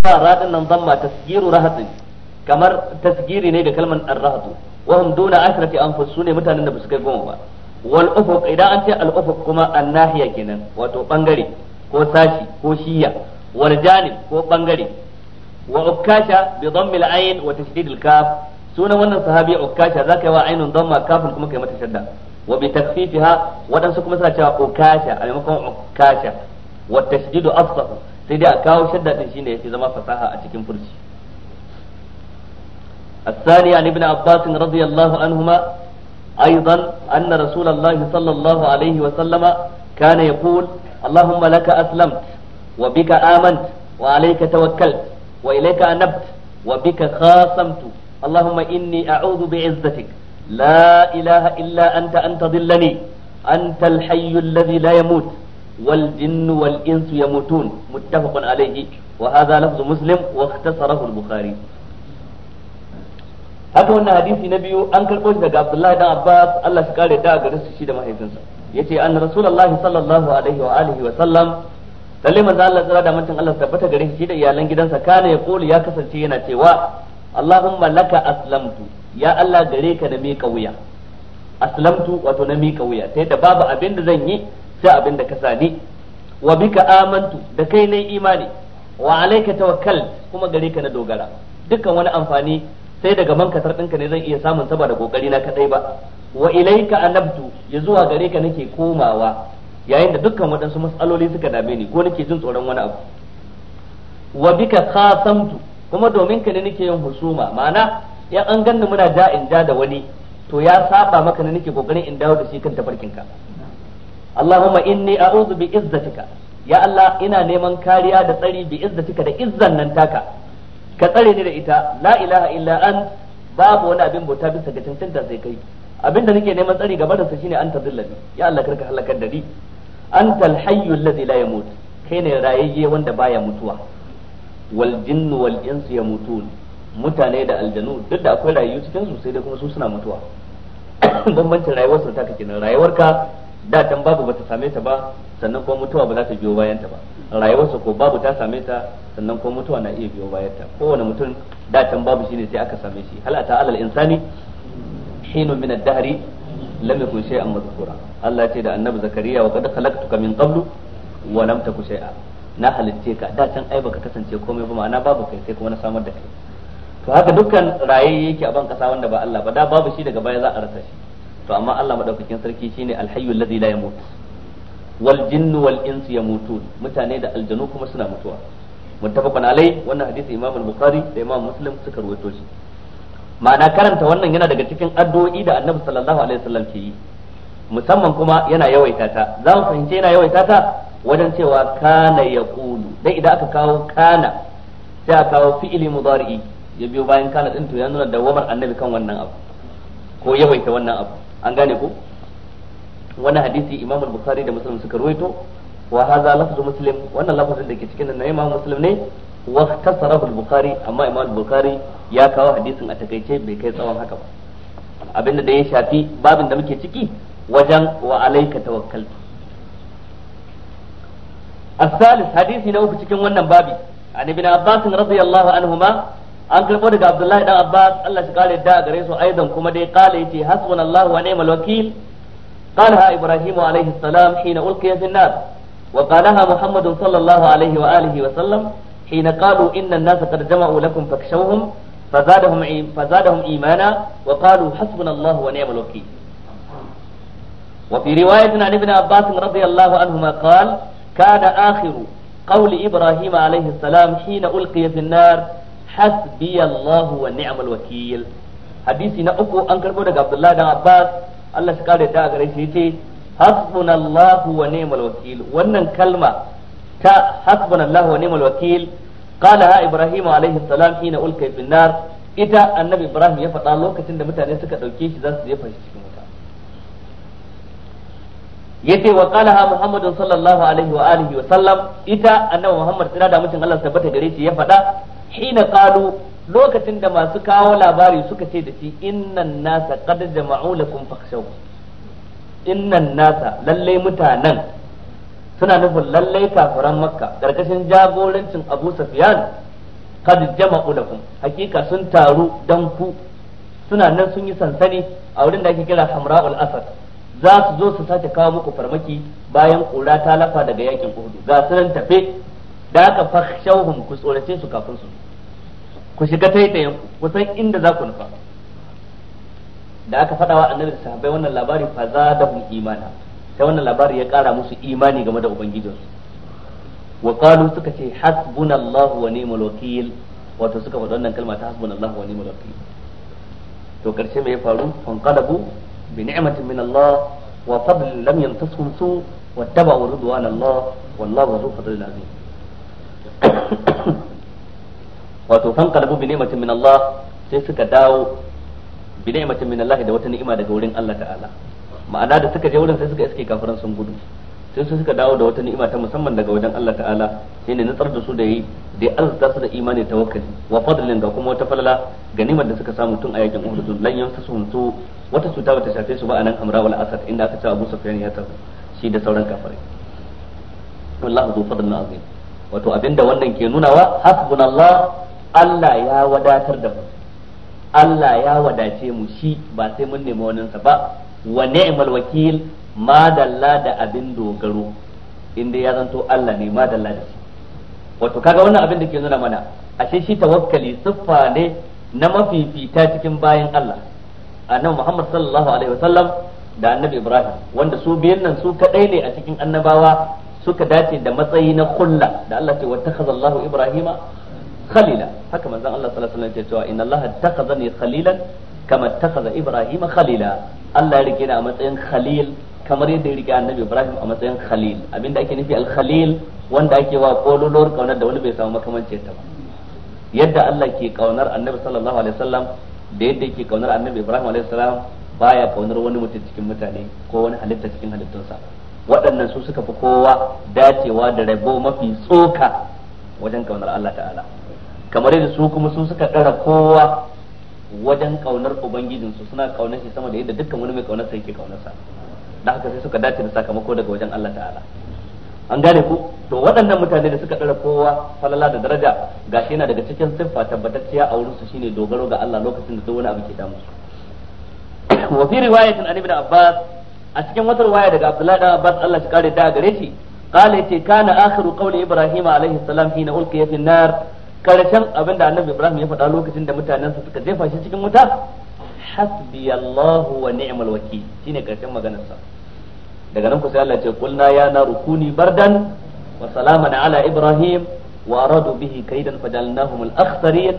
ra din nan dhamma tasgiru rahatin kamar tasgiri ne da kalmar ar-rahatu wa hum duna ashrati anfus sune mutanen da ba su kai goma ba wal ufuq idan an ce al ufuq kuma an-nahiya kenan wato bangare ko sashi ko shiya warjanin ko bangare wa ukkasha bi dhammil ayn wa tashdid al kaf sunan wannan sahabi ukkasha zaka yi wa ainun dhamma kafin kuma kai mata shadda wa bi takfifiha wadansu kuma suna cewa ukkasha a maimakon ukkasha wa tashdidu afsahu sai dai a kawo shadda din shine yafi zama fasaha a cikin furci الثاني عن ابن عباس رضي الله عنهما أيضا أن رسول الله صلى الله عليه وسلم كان يقول Allahumma laka aslamt wa bika amant wa alayka tawakkalt wa ilayka anabt wa bika khasamtu Allahumma inni a'udhu bi'izzatik la ilaha illa anta an tadillani anta al-hayy alladhi la yamut wal jinnu wal insu yamutun muttafaqun alayhi wa hadha lafzu muslim wa ikhtasarahu bukhari haka wannan hadisi na biyu an karɓo shi daga Abdullahi dan Abbas Allah shi kare da gare shi da mahaifinsa yace anna rasulullahi sallallahu alaihi wa alihi wa sallam lalle manzo Allah tsara da mutum Allah tabbata gare shi da iyalan gidansa kana ya kulu ya kasance yana cewa Allahumma laka aslamtu ya Allah gare ka na miƙa wuya aslamtu wato na miƙa wuya ta yadda babu abin da zan yi sai abin da ka sani wa bika amantu da kai nayi imani wa alayka tawakkal kuma gare ka na dogara dukkan wani amfani sai daga man kasar ɗinka ne zan iya samun saboda ƙoƙari na kaɗai ba wa ilaika anabtu ya zuwa gare ka nake komawa yayin da dukkan waɗansu matsaloli suka dame ni ko nake jin tsoron wani abu wa bika khasamtu kuma domin ka ne nake yin husuma ma'ana ya an ganni muna ja in ja da wani to ya saba maka ne nake kokarin in dawo da shi kan tafarkin ka Allahumma inni a'udhu bi izzatika ya Allah ina neman kariya da tsari bi izzatika da izzan nan taka ka tsare ni da ita la ilaha illa an babu wani abin bauta bisa ga cancanta sai kai Abin da nake neman tsari gaba da sa shine anta dillabi ya Allah karka halakar da ni antal hayyu alladhi la yamut kai ne rayayye wanda baya mutuwa wal jinnu wal insu yamutun mutane da aljanu duk da akwai rayuwa cikin su sai dai kuma su suna mutuwa [COUGHS] bambancin rayuwar su ta kake nan rayuwarka da tan babu bata same ta ba sannan kuma mutuwa ba za ta biyo bayan ta ba rayuwarsa ko babu ta same ta sannan kuma mutuwa na iya biyo bayan ta kowane mutum da can babu shine sai aka same shi hal ta alal insani hinu min ad-dahri lam yakun shay'an madhkura Allah ya ce da annabi zakariya wa qad khalaqtuka min qablu wa lam taku shay'a na halitte ka da can ai baka kasance komai ba ma'ana babu kai sai kuma na samar da kai to haka dukkan rayayye yake a ban kasa wanda ba Allah ba da babu shi daga baya za a rasa shi to amma Allah madaukakin sarki shine al-hayyul ladzi la yamut wal jinnu wal insu yamutun mutane da aljanu kuma suna mutuwa muttafaqun alai wannan hadisi imam al-bukhari da imam muslim suka rawaito shi ma'ana karanta wannan yana daga cikin addu'o'i da annabi sallallahu alaihi wasallam ke yi musamman kuma yana yawaita ta za mu fahimci yana yawaita ta wajen cewa kana yaqulu dai idan aka kawo kana sai aka kawo fi'ili mudari'i ya biyo bayan kana din to ya nuna dawamar annabi kan wannan abu ko yawaita wannan abu an gane ko wani hadisi imamul bukari da Muslim suka ruwaito wa hadha lafzu Muslim wannan lafazin da ke cikin nan Imam Muslim ne wa ikhtasarahu al-Bukhari amma Imam Bukhari ya kawo hadisin a takaice bai kai tsawon haka ba abinda da ya shafi babin da muke ciki wajen wa alayka tawakkaltu hadisi حديث uku cikin wannan babi an ibn Abbas radiyallahu anhuma an karbo daga Abdullahi dan Abbas Allah shi kare da gare su aidan kuma dai ya yace hasbunallahu wa ni'mal wakil قالها إبراهيم عليه السلام حين ألقي في النار وقالها محمد صلى الله عليه وآله وسلم حين قالوا إن الناس قد جمعوا لكم فاخشوهم فزادهم فزادهم إيمانا وقالوا حسبنا الله ونعم الوكيل وفي رواية عن ابن عباس رضي الله عنهما قال كان آخر قول إبراهيم عليه السلام حين ألقي في النار حسبي الله ونعم الوكيل حديثنا أكو أنكر عبد الله بن عباس Allah shi kare ta a gare shi yace hasbunallahu wa ni'mal wakil wannan kalma ta hasbunallahu wa ni'mal wakil qalaha ibrahim alaihi salam hina ulka bin nar ita annabi ibrahim ya faɗa lokacin da mutane suka ɗauke shi za su jefa shi cikin wuta yace wa qalaha muhammadun sallallahu alaihi wa alihi wa sallam ita annabi muhammad tsira da mutun Allah tabbata gare shi ya faɗa hina qalu lokacin da masu kawo labari suka ce da shi innan nasa qad jama'u lakum fakhshaw innan nasa lalle mutanen suna nufin lallai kafiran makka karkashin jagorancin abu Safiyan qad jama'u lakum hakika sun taru dan ku suna nan sun yi sansani a wurin da ake kira hamra'ul asad za su zo su sake kawo muku farmaki bayan kura ta lafa daga yakin uhudu ga su tafe da aka fakhshawhum ku tsorace su kafin su ku shiga ta ku ku san inda za ku nufa da aka faɗawa annabi da sahabbai wannan labari fa zadahum imana sai wannan labari ya ƙara musu imani game da ubangijinsu wa qalu suka ce hasbunallahu wa ni'mal wakil wato suka faɗi wannan kalma ta hasbunallahu wa ni'mal wakil to karshe me ya faru fanqalabu bi ni'matin min Allah wa fadl lam yantasum su wa tabawu ridwan Allah wallahu zu fadlil azim [COUGHS] wato fan kalbu bi ni'matin min Allah sai suka dawo bi ni'matin min Allah da wata ni'ima daga wurin Allah ta'ala ma'ana da suka je wurin sai suka iske kafiran sun gudu sai su suka dawo da wata ni'ima ta musamman daga wajen Allah ta'ala ne nutsar da su da yi da arzuta su da imani tawakkali wa fadlin ga kuma wata falala ga ni'imar da suka samu tun a yakin Uhud lan yansasuhum su wata cuta bata shafe su ba anan amra wal asad inda aka ce Abu Sufyan ya tafi shi da sauran kafirai wallahu zu fadlin azim wato abinda wannan ke nunawa hasbunallah Allah ya wadatar da mu Allah ya wadace mu shi ba sai mun nemi waninsa ba wa ni'mal wakil madalla da abin dogaro inda ya zanto Allah ne madalla da shi wato kaga wannan abin da ke nuna mana ashe shi tawakkali siffa ne na mafifita cikin bayan Allah annabi Muhammad sallallahu alaihi wasallam da annabi Ibrahim wanda su biyan nan su kadai ne a cikin annabawa suka dace da matsayi na kulla da Allah ce wa takhazallahu Ibrahima khalila haka manzon Allah sallallahu alaihi wasallam ya cewa inna Allah takhazani khalilan kama takaza Ibrahim khalila Allah ya rike ni a matsayin khalil kamar yadda ya rike annabi Ibrahim a matsayin khalil abinda ake nufi al-khalil wanda ake wa kololor kaunar da wani bai samu makamancin ta ba yadda Allah ke kaunar annabi sallallahu alaihi wasallam da yadda yake kaunar annabi Ibrahim alaihi baya kaunar wani mutum cikin mutane ko wani halitta cikin halittunsa waɗannan su suka fi kowa dacewa da rabo mafi tsoka wajen kaunar Allah ta'ala kamar yadda su kuma su suka ɗara kowa wajen kaunar ubangijinsu suna ƙaunar shi sama da yadda dukkan wani mai ƙaunar sai ke ƙaunar sa da haka sai suka dace da sakamako daga wajen Allah ta'ala an gane ku to waɗannan mutane da suka ɗara kowa falala da daraja gashi yana daga cikin siffa tabbatacciya a wurin su shine dogaro ga Allah lokacin da duk wani abu ke damu su wa fi riwayatin an ibn abbas a cikin wata riwaya daga abdullahi dan abbas Allah shi kare da gare shi قال kana كان آخر قول إبراهيم عليه السلام حين في karshen abinda annabi ibrahim ya faɗa lokacin da mutanensa suka jefa shi cikin wuta hasbi allahu wa ni'mal wakil shine karshen maganarsa daga nan ku sai Allah ya ce kulna ya na rukuni bardan wa salaman ala ibrahim wa aradu bihi kaidan fajalnahum al akhsarin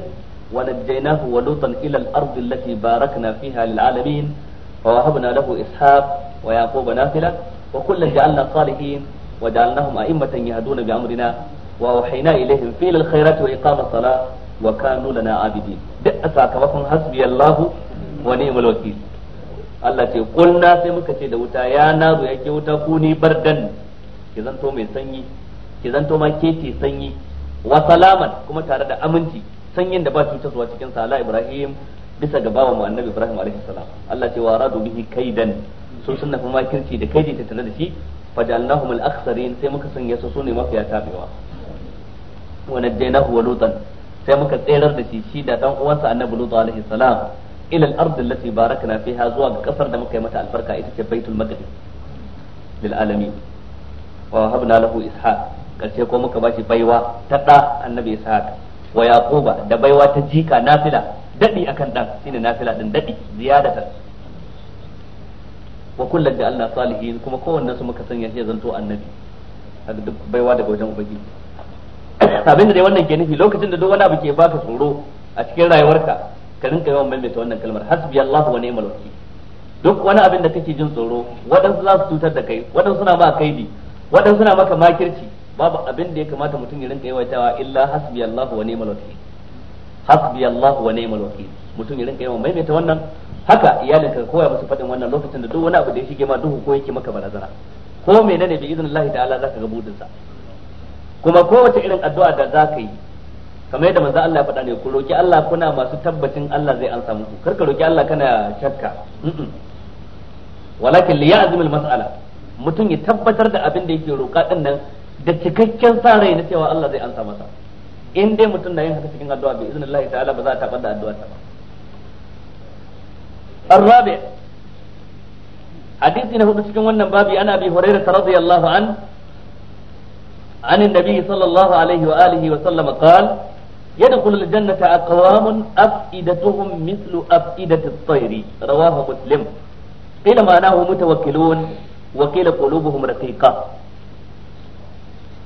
wa najjaynahu wa lutan ila al ardi allati barakna fiha lil alamin ووهبنا له إسحاق ويعقوب نافلة وكلا جعلنا صالحين وجعلناهم أئمة bi amrina. وأوحينا إليهم فعل الخيرات وإقام الصلاة وكانوا لنا عابدين دق ساكمكم حسبي الله ونعم الوكيل Allah ce kunna sai muka ce da wuta ya nazo yake wuta ku ni bardan ki zanto mai sanyi ki zanto ma ke sanyi wa salaman kuma tare da aminci sanyin da ba cutarwa cikin sala Ibrahim bisa ga bawa mu annabi Ibrahim alaihi salam Allah ce wa radu bihi kaidan sun sunna kuma kirci da kaidi ta da shi fajalnahum al-akhsarin sai muka sanya su sune mafiya tabewa wa najjaynahu wa lutan sai muka tserar da shi shi da dan uwansa annabi lutu alaihi salam ila al-ard allati barakna fiha zuwa ga kasar da muka yi mata albarka ita ce baitul maqdis lil alamin wa habna lahu ishaq karshe ko muka bashi baiwa ta da annabi ishaq wa yaquba da baiwa ta jika nafila dadi akan dan shine nafila din dadi ziyadatan wa kullum da Allah salihin kuma kowanne su muka sanya shi zanto annabi duk baiwa daga wajen ubangiji abinda dai wannan ke nufi lokacin da duk wani abu ke baka tsoro a cikin rayuwarka ka rinka yawan maimaita wannan kalmar hasbi Allah wa ni'mal wakil duk wani abin da kake jin tsoro waɗansu za su cutar da kai waɗansu suna ba kaidi waɗansu suna maka makirci babu abin da ya kamata mutum ya rinka yawaitawa illa hasbi Allah wa ni'mal wakil hasbi Allah wa ni'mal wakil mutum ya rinka yawan maimaita wannan haka iyalinka koya musu faɗin wannan lokacin da duk wani abu da ya shige ma duhu ko yake maka barazana ko menene bi allah ta'ala zaka ga budin sa kuma kowace irin addu'a da za ka yi kamar yadda manzo Allah ya faɗa ne ku roki Allah kuna masu tabbacin Allah zai ansa muku kar ka roki Allah kana shakka walakin li ya'zim al mas'ala mutum ya tabbatar da abin da yake roka din nan da cikakken sa rai na cewa Allah zai ansa masa in dai mutum na yin haka cikin addu'a bi iznillahi ta'ala ba za ta bada addu'a ta ba hadisi na hudu cikin wannan babi ana bi hurairah radiyallahu an عن النبي صلى الله عليه وآله وسلم قال يدخل الجنة أقوام أفئدتهم مثل أفئدة الطير رواه مسلم قيل معناه متوكلون وقيل قلوبهم رقيقة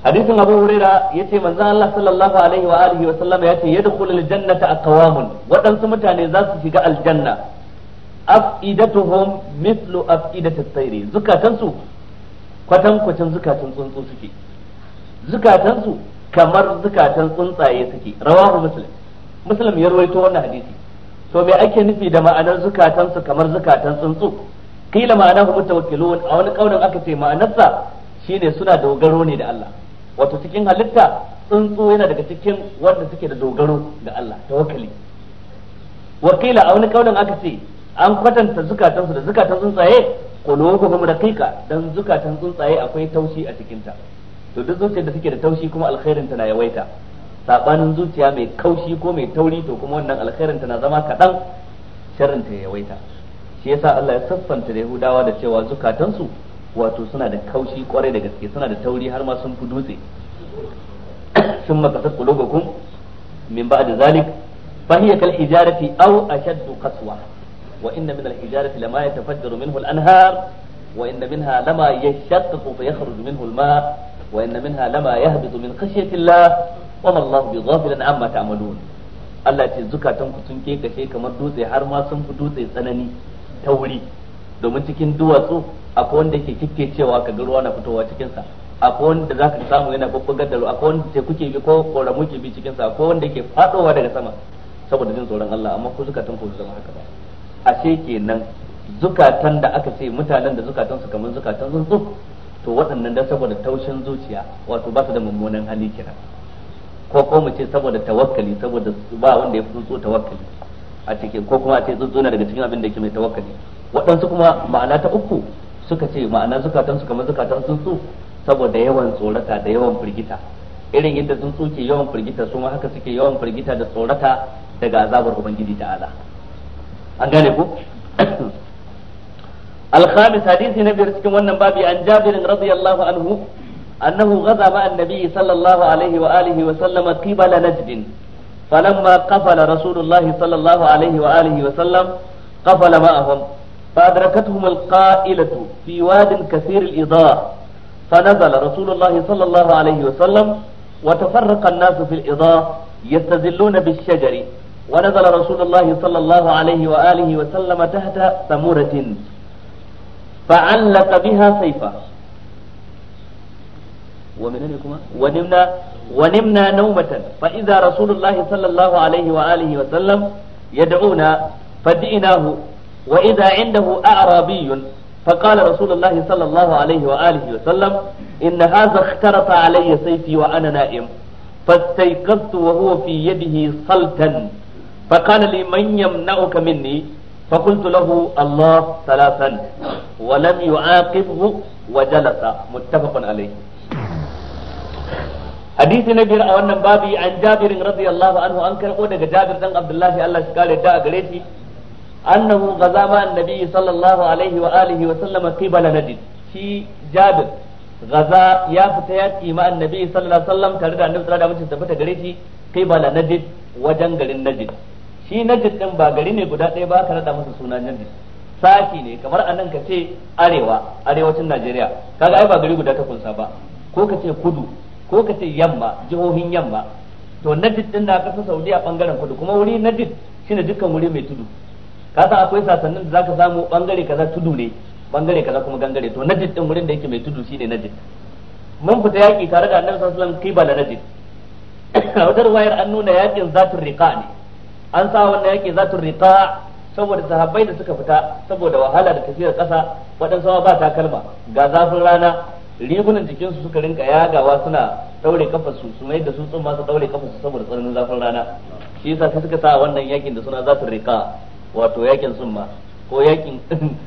حديث أبو هريرة يتي من الله صلى الله عليه وآله وسلم يتي يدخل الجنة أقوام ودن سمتاني ذات شقاء الجنة أفئدتهم مثل أفئدة الطير زكاة تنسو kwatan kwatan zukatan tsuntsu suke zukatansu kamar zukatan tsuntsaye suke rawahu muslim muslim ya rawaito wannan hadisi to me ake nufi da ma'anar zukatansu kamar zukatan tsuntsu kila hu mutawakkilun a wani kaunin aka ce ma'anarsa shine suna dogaro ne da Allah wato cikin halitta tsuntsu yana daga cikin wanda suke da dogaro ga Allah tawakkali wakila a wani kaunin aka ce an kwatanta zukatansu da zukatan tsuntsaye kuma raqiqa dan zukatan tsuntsaye akwai taushi a cikinta ta to duk zuciyar da suke da taushi kuma alkhairin ta na yawaita sabanin zuciya mai kaushi ko mai tauri to kuma wannan alkhairin ta na zama kadan sharrin ta yawaita shi yasa Allah ya saffanta da Yahudawa da cewa zukatansu wato suna da kaushi kwarai da gaske suna da tauri har ma sun fi dutse [COUGHS] sun makasa qulubukum min da zalik fa hiya kal hijarati aw ashadd qaswa wa inna min al hijarati lama yatafajjaru minhu al anhar wa inna minha lama yashaqqaqu fa yakhruju minhu al ma' wa inna minha lama yahbitu min khashyati Allah wa ma Allah bi ghafilan amma ta'malun Allah ce zukatan ku sun kekashe kamar dutse har ma sun fi dutse tsanani ta wuri domin cikin duwatsu akwai wanda ke kike cewa ka ga ruwa na fitowa cikin sa akwai wanda zaka samu yana babbagar da ruwa akwai wanda ce kuke bi ko koramu ke bi cikin sa akwai wanda ke fadowa daga sama saboda jin tsoron Allah amma ku zukatanku ku zama haka ba ashe kenan zukatan da aka ce mutanen da zukatan su kamar zukatan tsuntsu to waɗannan da saboda taushin zuciya wato ba su da mummunan hali kenan ko ko mu ce saboda tawakkali saboda ba wanda ya tsuntsu tawakkali a cikin ko kuma a ce tsuntsu na daga cikin abin da yake mai tawakkali waɗansu kuma ma'ana ta uku suka ce ma'ana zukatan su kamar zukatan tsuntsu saboda yawan tsorata da yawan firgita irin yadda tsuntsu ke yawan firgita su ma haka suke yawan firgita da tsorata daga azabar ubangiji ta'ala an gane ku الخامس حديث نبي رسكم وانا بابي عن جابر رضي الله عنه أنه غزا مع النبي صلى الله عليه وآله وسلم قبل نجد فلما قفل رسول الله صلى الله عليه وآله وسلم قفل معهم فأدركتهم القائلة في واد كثير الإضاء فنزل رسول الله صلى الله عليه وسلم وتفرق الناس في الإضاء يستزلون بالشجر ونزل رسول الله صلى الله عليه وآله وسلم تحت ثمرة fa'allaka biha saifa wa menene kuma wa nimna wa nimna nawmatan fa idza rasulullah sallallahu alaihi wa alihi wa sallam yad'una indahu a'rabiyyun فقال رسول الله صلى الله عليه وآله وسلم إن هذا اخترط علي سيفي وأنا نائم فاستيقظت وهو في يده صلتا فقال لي من يمنعك مني فقلت له الله ثلاثا wa lam yu'aqibhu wa jalasa muttafaqun alayhi hadisi na biyar a wannan babi an jabirin radiyallahu anhu an karbo daga jabir dan abdullahi Allah shi kare da gare shi annahu gaza ma annabi sallallahu alaihi wa alihi wa sallama qibala nadid shi jabir gaza ya fita yaki ma annabi sallallahu alaihi wasallam tare da annabi sallallahu alaihi wasallam tafi gare shi qibala nadid wajen garin najid shi najid ɗin ba gari ne guda ɗaya ba rada masa suna najid Saki ne kamar anan ka ce arewa arewacin Najeriya kaga ai ba gari guda ta kunsa ba ko ka ce kudu ko ka ce yamma jihohin yamma to Najd din na saudi a bangaren kudu kuma wuri Najd shine dukkan wuri mai tudu ka san akwai sasannin da zaka samu bangare kaza tudu ne bangare kaza kuma gangare to Najd din wurin da yake mai tudu shine Najd mun fita yaki tare da Annabi sallallahu alaihi wasallam kibala Najd [COUGHS] a wadar wayar an nuna yakin zatun riqa ne an sa wannan yakin zatun riqa saboda sahabbai da suka fita saboda wahala da tafiyar ƙasa waɗansu ba takalma ga zafin rana rigunan jikinsu suka rinka yagawa suna ɗaure kafarsu su mai da su tsumma su daure kafarsu saboda tsananin zafin rana shi yasa sai suka sa wannan yakin da suna zafin rika wato yakin tsumma ko yakin [LAUGHS]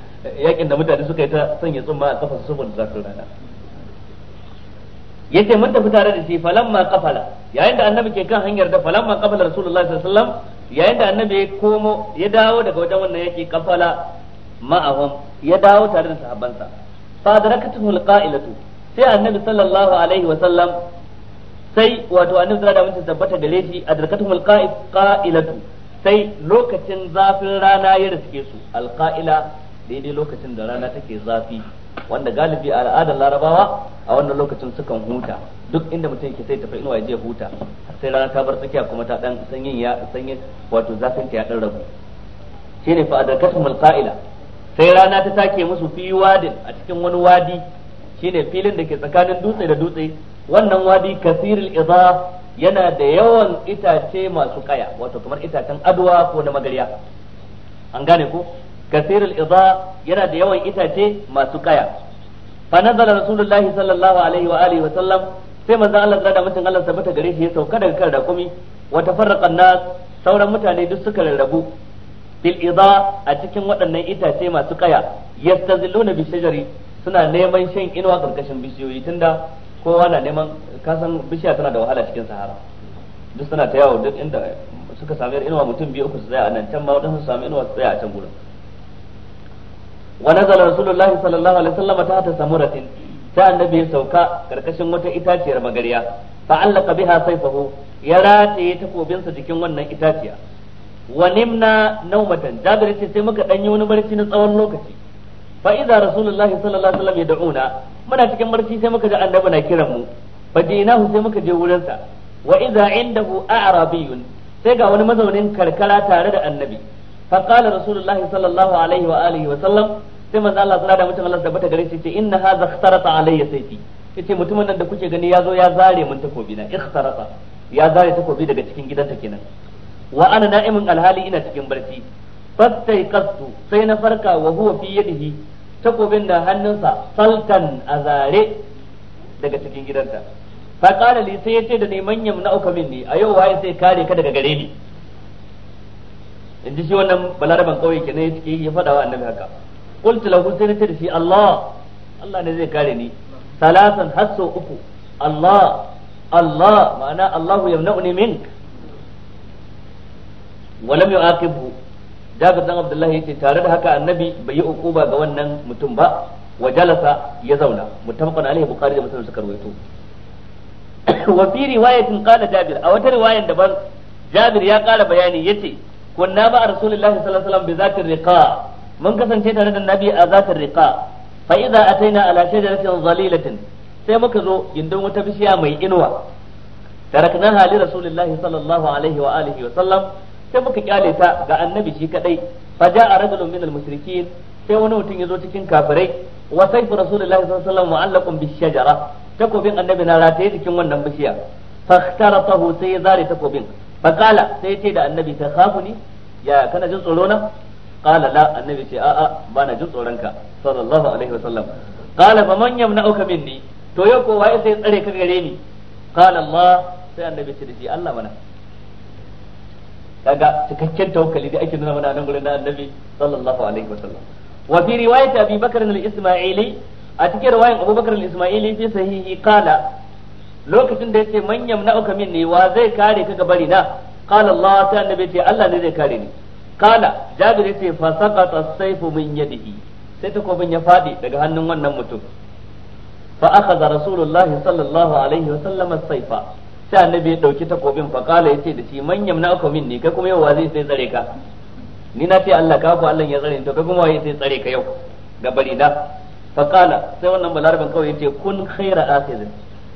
yakin da mutane suka yi ta sanya tsumma a kafarsu saboda zafin rana yace mun tafi tare da shi falamma kafala yayin da annabi ke kan hanyar da falamma kafala rasulullahi sallallahu alaihi wasallam yayin da annabi ya komo ya dawo daga wajen wannan yake kafala ma'ahum ya dawo tare da sahabbansa fadarakatuhu alqa'ilatu sai annabi sallallahu alaihi wasallam sai wato annabi da mun wasallam tabbata gare shi adrakatuhu alqa'ilatu sai lokacin zafin rana ya riske su alqa'ila daidai lokacin da rana take zafi wanda galibi a al'adar larabawa a wannan lokacin sukan huta duk inda mutum yake sai tafi inuwa ya huta sai rana ta bar tsakiya kuma ta dan sanyin ya sanyin wato zafin ta ya dan rabu ne fa qa'ila sai rana ta take musu fi wadin a cikin wani wadi shine filin da ke tsakanin dutse da dutse wannan wadi kasirin iza yana da yawan itace masu kaya wato kamar itacen aduwa ko na magarya an gane ko kasirul idha yana da yawan itace masu kaya fa nazala sallallahu alaihi wa wa sallam sai manzon Allah da mutum Allah tabbata gare shi ya sauka daga kan rakumi Wata tafarraqa nas sauran mutane duk suka rarrabu bil a cikin waɗannan itace masu kaya yastazilluna bi shajari suna neman shan inuwa karkashin bishiyoyi tunda kowa na neman kasan bishiya tana da wahala cikin sahara duk suna ta yawo duk inda suka sami inuwa mutum biyu uku su tsaya a nan can ma waɗansu su sami inuwa su tsaya a can gurin wa nazala rasulullahi sallallahu alaihi wasallam ta ta samuratin sai annabi ya sauka karkashin wata itaciyar magariya fa allaka sai sayfahu ya rataye takobinsa jikin wannan itaciya wa nimna naumatan jabir ce sai muka danyi wani barci na tsawon lokaci Fa'iza idza rasulullahi sallallahu alaihi wasallam yad'una muna cikin barci sai muka ji annabi na kiran mu fa sai muka je wurin sa wa idza indahu a'rabiyun sai ga wani mazaunin karkara tare da annabi فقال رسول الله صلى الله عليه واله وسلم sai manzo Allah tsara da mutum Allah tabbata gare shi ce inna hadha ikhtarata alayya sayfi yace mutumin nan da kuke gani ya zo ya zare mun takobi na ikhtarata ya zare takobi daga cikin gidanta kenan wa ana na'imun alhali ina cikin barci fastaiqastu sai na farka wa huwa fi yadihi takobin da hannunsa saltan a zare daga cikin gidanta fa qala li sai yace da ni man yamna'uka minni a yau waye sai kare ka daga gare ni in ji shi wannan balaraban kauye kenan ya cike ya faɗa wa annabi haka qultu lahu sai nace da shi Allah Allah ne zai kare ni salasan hasso uku Allah Allah ma'ana Allahu yamna'uni mink walam yu'aqibhu Jabir dan Abdullah yace tare da haka annabi bai yi ukuba ga wannan mutum ba wa jalasa ya zauna muttafaqan alaihi bukhari da muslim suka rawaito [COUGHS] wa fi riwayatin qala Jabir a wata riwayan daban Jabir ya kara bayani yace kunna ba a sallallahu alaihi wasallam bi zatir mun kasance tare da nabi a zatir riqa fa idza ataina ala shajaratin zalilatin sai muka zo gindin wata bishiya mai inuwa tarakna hali rasulullahi sallallahu alaihi wa alihi wa sallam sai muka kyale ta ga annabi shi kadai fa ja'a rajulun minal mushrikin sai wani mutum ya zo cikin kafirai wa sayfu rasulullahi sallallahu alaihi wasallam mu'allaqun bishajara takobin annabi na rataye cikin wannan bishiya fakhtaratahu sai ya zare takobin faqala sai ce da annabi ta khafu ni ya kana jin tsoro na qala la annabi ce a'a ba na jin tsoron ka sallallahu alaihi wasallam qala fa man yamna'uka minni to yau ko wai sai tsare ka gare ni qala Allah sai annabi ce da shi Allah mana kaga cikakken tawakkali da ake nuna mana nan gurin na annabi sallallahu alaihi wasallam wa fi riwayat abi bakr al-isma'ili a cikin riwayar abubakar al-isma'ili fi sahihi qala lokacin da yace uka min ne, wa zai kare ka ga bari na qala Allah ta annabi ce Allah ne zai kare ni qala jabir yace fa saqata as-sayfu min yadihi sai takobin ya fadi daga hannun wannan mutum fa akhadha rasulullah sallallahu alaihi wa sallam as-sayfa sai annabi ya dauki takobin fa qala yace da shi manyan na uka min ne, kai kuma yau wa zai sai tsare ka ni na ce Allah ka ku Allah ya tsare ni to kai kuma waye sai tsare ka yau ga bari na fa qala sai wannan balarabin kawai yace kun khaira akhizin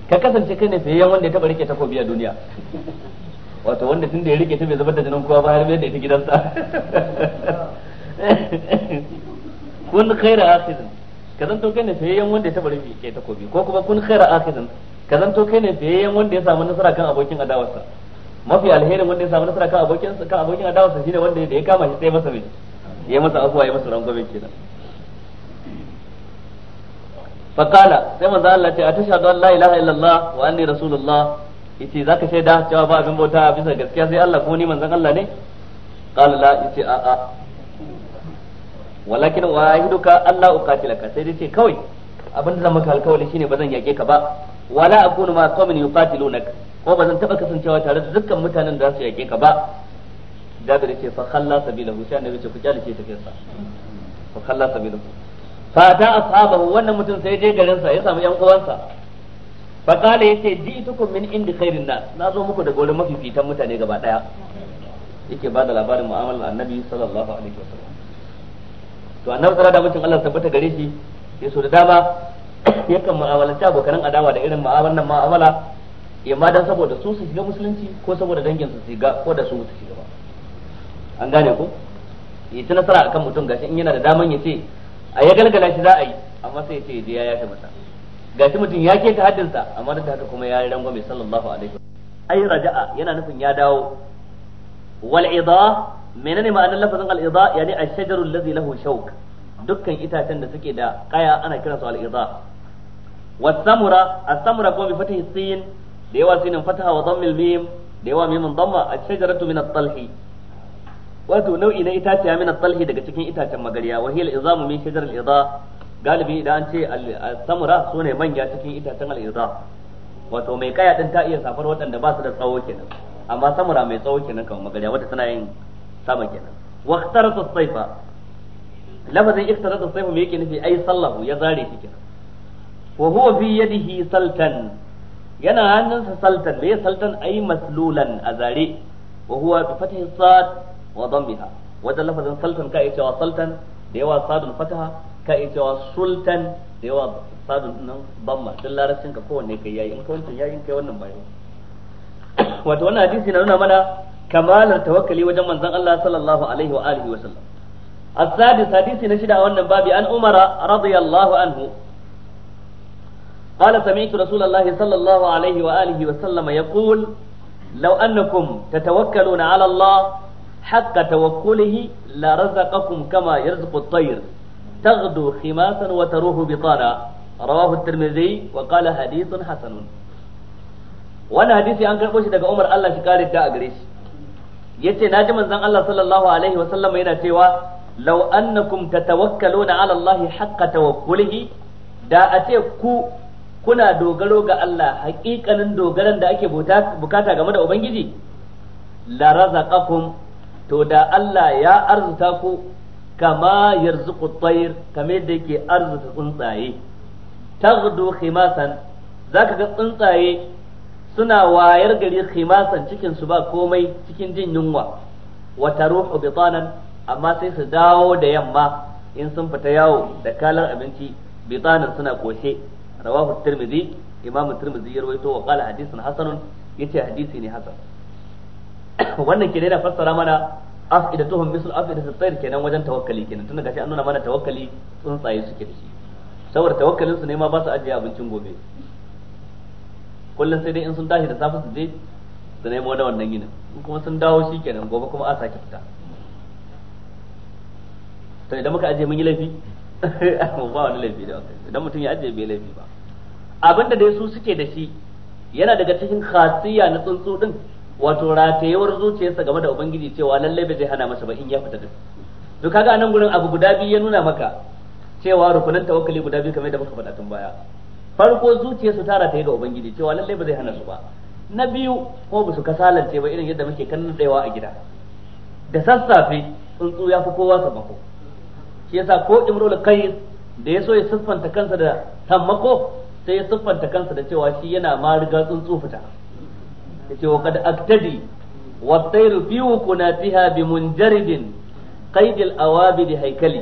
ka kasance kai ne sayayyen wanda ya taba rike takobi a duniya wato wanda tun da ya rike ta bai zubar da jinin kowa ba har bai da ita gidansa kun khaira akhidin ka zanto kai ne sayayyen wanda ya taba rike takobi ko kuma kun khaira akhidin ka zanto kai ne sayayyen wanda ya samu nasara kan abokin adawarsa mafi alherin wanda ya samu nasara kan abokin kan abokin adawarsa shine wanda da ya kama shi sai masa mai ya masa afuwa ya masa rangwame kenan faqala sai manzo Allah a atashhadu an la ilaha illallah wa anni rasulullah yace zaka shaida cewa ba abin bauta bisa gaskiya sai Allah ko ni ne qala la yace a a walakin Allah uqatilaka sai dai ce kawai abin da zan maka alkawari shine ba zan yake ka ba wala akunu ma qawmin yuqatilunak ko ba zan taba kasancewa tare da dukkan mutanen da za su yake ka ba jabir ce fa khalla sabilahu sai annabi ce ku kyale ce tafiyarsa fa khalla sabilahu fa ta ashabahu wannan mutum sai je garin sa ya samu yan uwansa fa kale yace ji'tukum min indi khairin nas na zo muku daga mafi mafifitan mutane gaba daya yake ba da labarin mu'amalar annabi sallallahu alaihi wasallam to annabi sallallahu alaihi wasallam Allah tabbata gare shi ya so da dama [COUGHS] yakan mu'amalanta abokan adawa da irin mu'amalan mu'amala ma dan saboda su su shiga musulunci ko saboda dangin su shiga ko da su su shiga ba an gane ko yi ta nasara akan mutum gashi in yana da daman ya ce a ya galgala shi za a yi amma sai ya ce je ya yafe masa gashi mutum ya keta haddinsa amma duk haka kuma ya yi rangwame sallallahu alaihi ai raja'a yana nufin ya dawo wal idha menene ma'anar lafazin al idha yani ash-shajaru alladhi lahu shawk dukkan itacen da suke da kaya ana kiran al idha was samura as-samura kuma bi fatihi sin da yawa sinin fataha wa dhammil mim da yawa mimin dhamma ash-shajaratu min at-talhi wato nau'i na itaciya min at-talhi daga cikin itacen magarya wa hiya al-izamu min shajar al-idha galibi idan an ce al-samura sune manya cikin itacen al-idha wato mai kaya din ta iya safar waɗanda ba su da tsawo kenan amma samura mai tsawo kenan kamar magarya wata tana yin sama kenan wa ikhtarata as-sayfa lafazin ikhtarata as-sayfa me yake nufi ai sallahu ya zare shi kenan wa huwa fi yadihi saltan yana hannunsa saltan me saltan ai maslulan a zare wa huwa bi fathihi sad wa dhammiha wajen lafazin sultan ka iya cewa sultan da yawa sadun fataha ka iya cewa sultan da yawa sadun nan bamma duk larabcin ka kowanne kai yayi in kai wannan bayan wato wannan hadisi na nuna mana kamalar tawakkali wajen manzon Allah sallallahu alaihi wa alihi wa sallam السادس حديث نشد عن بابي عن عمر رضي الله عنه قال سمعت رسول الله صلى الله عليه وآله وسلم يقول لو أنكم تتوكلون على الله haqqa tawakkulihi la razaqakum kama yarzuqu at-tayr taghdu khimasan wa taruhu bitana rawahu at-tirmidhi wa qala hadithun hasanun wannan hadisi an karbo shi daga Umar Allah shi ta a gare shi yace na manzon Allah sallallahu alaihi wa sallam yana cewa law annakum tatawakkaluna na Allah haqqa tawakkulihi da a ce ku kuna dogaro ga Allah hakikanin dogaran da ake bukata game da ubangiji la razaqakum to da Allah ya arzuta ku kama yarzuqu tsayir kamar yadda yake arzuta tsuntsaye gudu khimasan ka ga tsuntsaye suna wayar gari khimasan cikin su ba komai cikin jin yunwa wata ruhu bitanan amma sai su dawo da yamma in sun fita yawo da kalar abinci bitanan suna koshe rawahu tirmidhi imamu turmizi ya rawaito wa kala hadithun hasanun yace hadisi ne hasan [COUGHS] wannan ke yana fassara mana afidatuhum misl afidatu tayr kenan wajen tawakkali kenan tunda gashi an nuna mana tawakkali tsuntsaye suke da shi saboda tawakkalin su ne ma ba su ajiye abincin gobe kullum sai dai in sun tashi da safe su je su nemo da wannan ginin in kuma sun dawo shi kenan gobe kuma a sake fita to idan muka ajiye mun yi laifi [LAUGHS] ba wani laifi da idan mutum ya ajiye bai laifi ba abinda dai su suke da shi yana daga cikin khasiyya na tsuntsu din wato ratayewar zuciyarsa game da ubangiji cewa lallai ba zai hana masa ba in ya fita din to kaga anan gurin abu guda biyu ya nuna maka cewa rukunin tawakkali guda biyu kamar da muka faɗa tun baya farko zuciyarsu ta rataye ga ubangiji cewa lallai ba zai hana su ba na biyu ko ba su kasalance ba irin yadda muke kallon daewa a gida da sassafe tsuntsu ya fi kowa sammako shi yasa ko imrul kai da ya so ya siffanta kansa da sammako sai ya siffanta kansa da cewa shi yana ma riga tsuntsu fita yace wa qad aktadi wa tayr fi wukunatiha bi munjaridin qaid al awabid haykali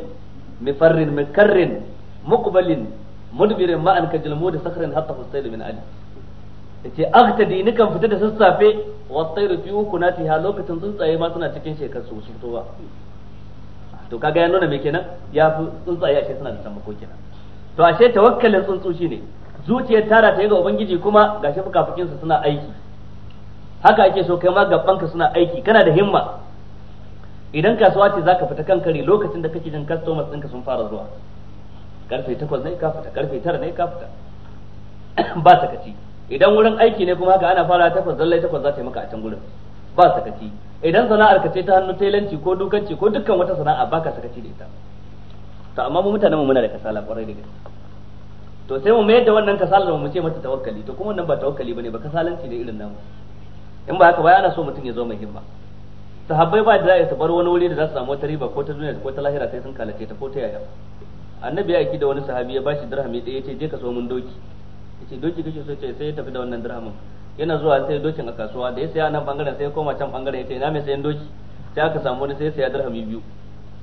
mifarrin mukarrin muqbalin mudbirin an kajil mudi sakhrin hatta husayl min ali yace aktadi ni kan fita da sassafe wa tayr fi wukunatiha lokacin tsuntsaye ma suna cikin shekar su su fito ba to kaga ya nuna me kenan ya fi tsuntsaye ashe suna da sammako kenan to ashe tawakkalin tsuntsu shine zuciyar tara ta yi ga ubangiji kuma gashi fukafukinsa suna aiki haka ake so kai ma gabanka suna aiki kana da himma idan kasuwa ce zaka fita kan kare lokacin da kake jin customers ɗinka sun fara zuwa karfe 8 ne ka fita karfe 9 ne ka fita [CLEARS THROAT] ba sakaci idan wurin aiki ne kuma haka ana fara takwas zallai takwas za ta yi maka a can gurin ba sakaci idan sana'ar ka ce ta hannu tailanci ko dukanci ko dukkan wata sana'a ba ka sakaci da ita to amma mu mutanen mu muna da kasala kwarai da gaske to sai mu mayar da wannan kasalar mu ce mata tawakkali to kuma wannan ba tawakkali bane ba kasalanci ne irin namu in ba haka ba ana so mutum ya zo mai himma sahabbai ba da za su bar wani wuri da za su samu wata riba ko ta duniya ko ta lahira sai sun kalace ta ko ta yaya annabi ya aiki da wani sahabi ya bashi dirhami ya ce je ka so mun doki yace doki kake so ce sai ya tafi da wannan dirhamin yana zuwa sai dokin a kasuwa da ya saya nan bangaren sai ya koma can bangaren yace na mai sayan doki sai aka samu wani sai ya saya dirhami biyu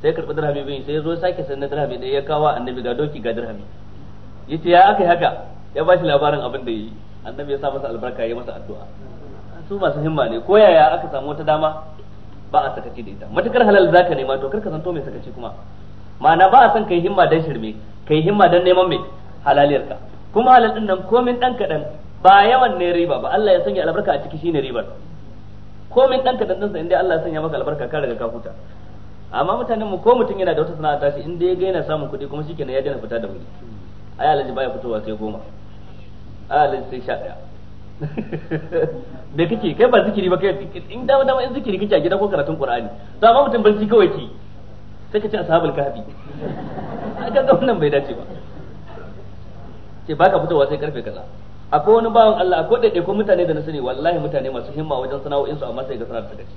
sai ya karɓi dirhami biyu sai ya zo sake sayan na dirhami ɗaya ya kawo annabi ga doki ga dirhami yace ya aka yi haka ya bashi labarin abin da yi annabi ya sa masa albarka ya masa addu'a su masu himma ne ko yaya aka samu wata dama ba a sakaci da ita matukar halal zaka nema to karka to mai sakaci kuma ma'ana ba a san kai himma dan shirme kai himma dan neman mai halaliyarka kuma halal din nan komin dan kadan ba yawan ne riba ba Allah ya sanya albarka a ciki shine ribar komin dan kadan din sa inda Allah ya sanya maka albarka ka riga ka huta amma mutanen mu ko mutum yana da wata sana'a tashi in dai ya gaina samun kuɗi kuma shikenan ya daina fita da mu ayalaji baya fitowa sai goma ayalaji sai sha ɗaya [LAUGHS] me kake kai ba zikiri ba kai in dama dama in zikiri kake a gida ko karatun qur'ani to amma mutum barci kawai ki sai ka ci ashabul kahfi ga wannan bai dace ba ke baka fitowa sai karfe kaza akwai wani bawan Allah akwai ko mutane da na sani wallahi mutane masu himma wajen sana'o'in su amma sai ga da sakaci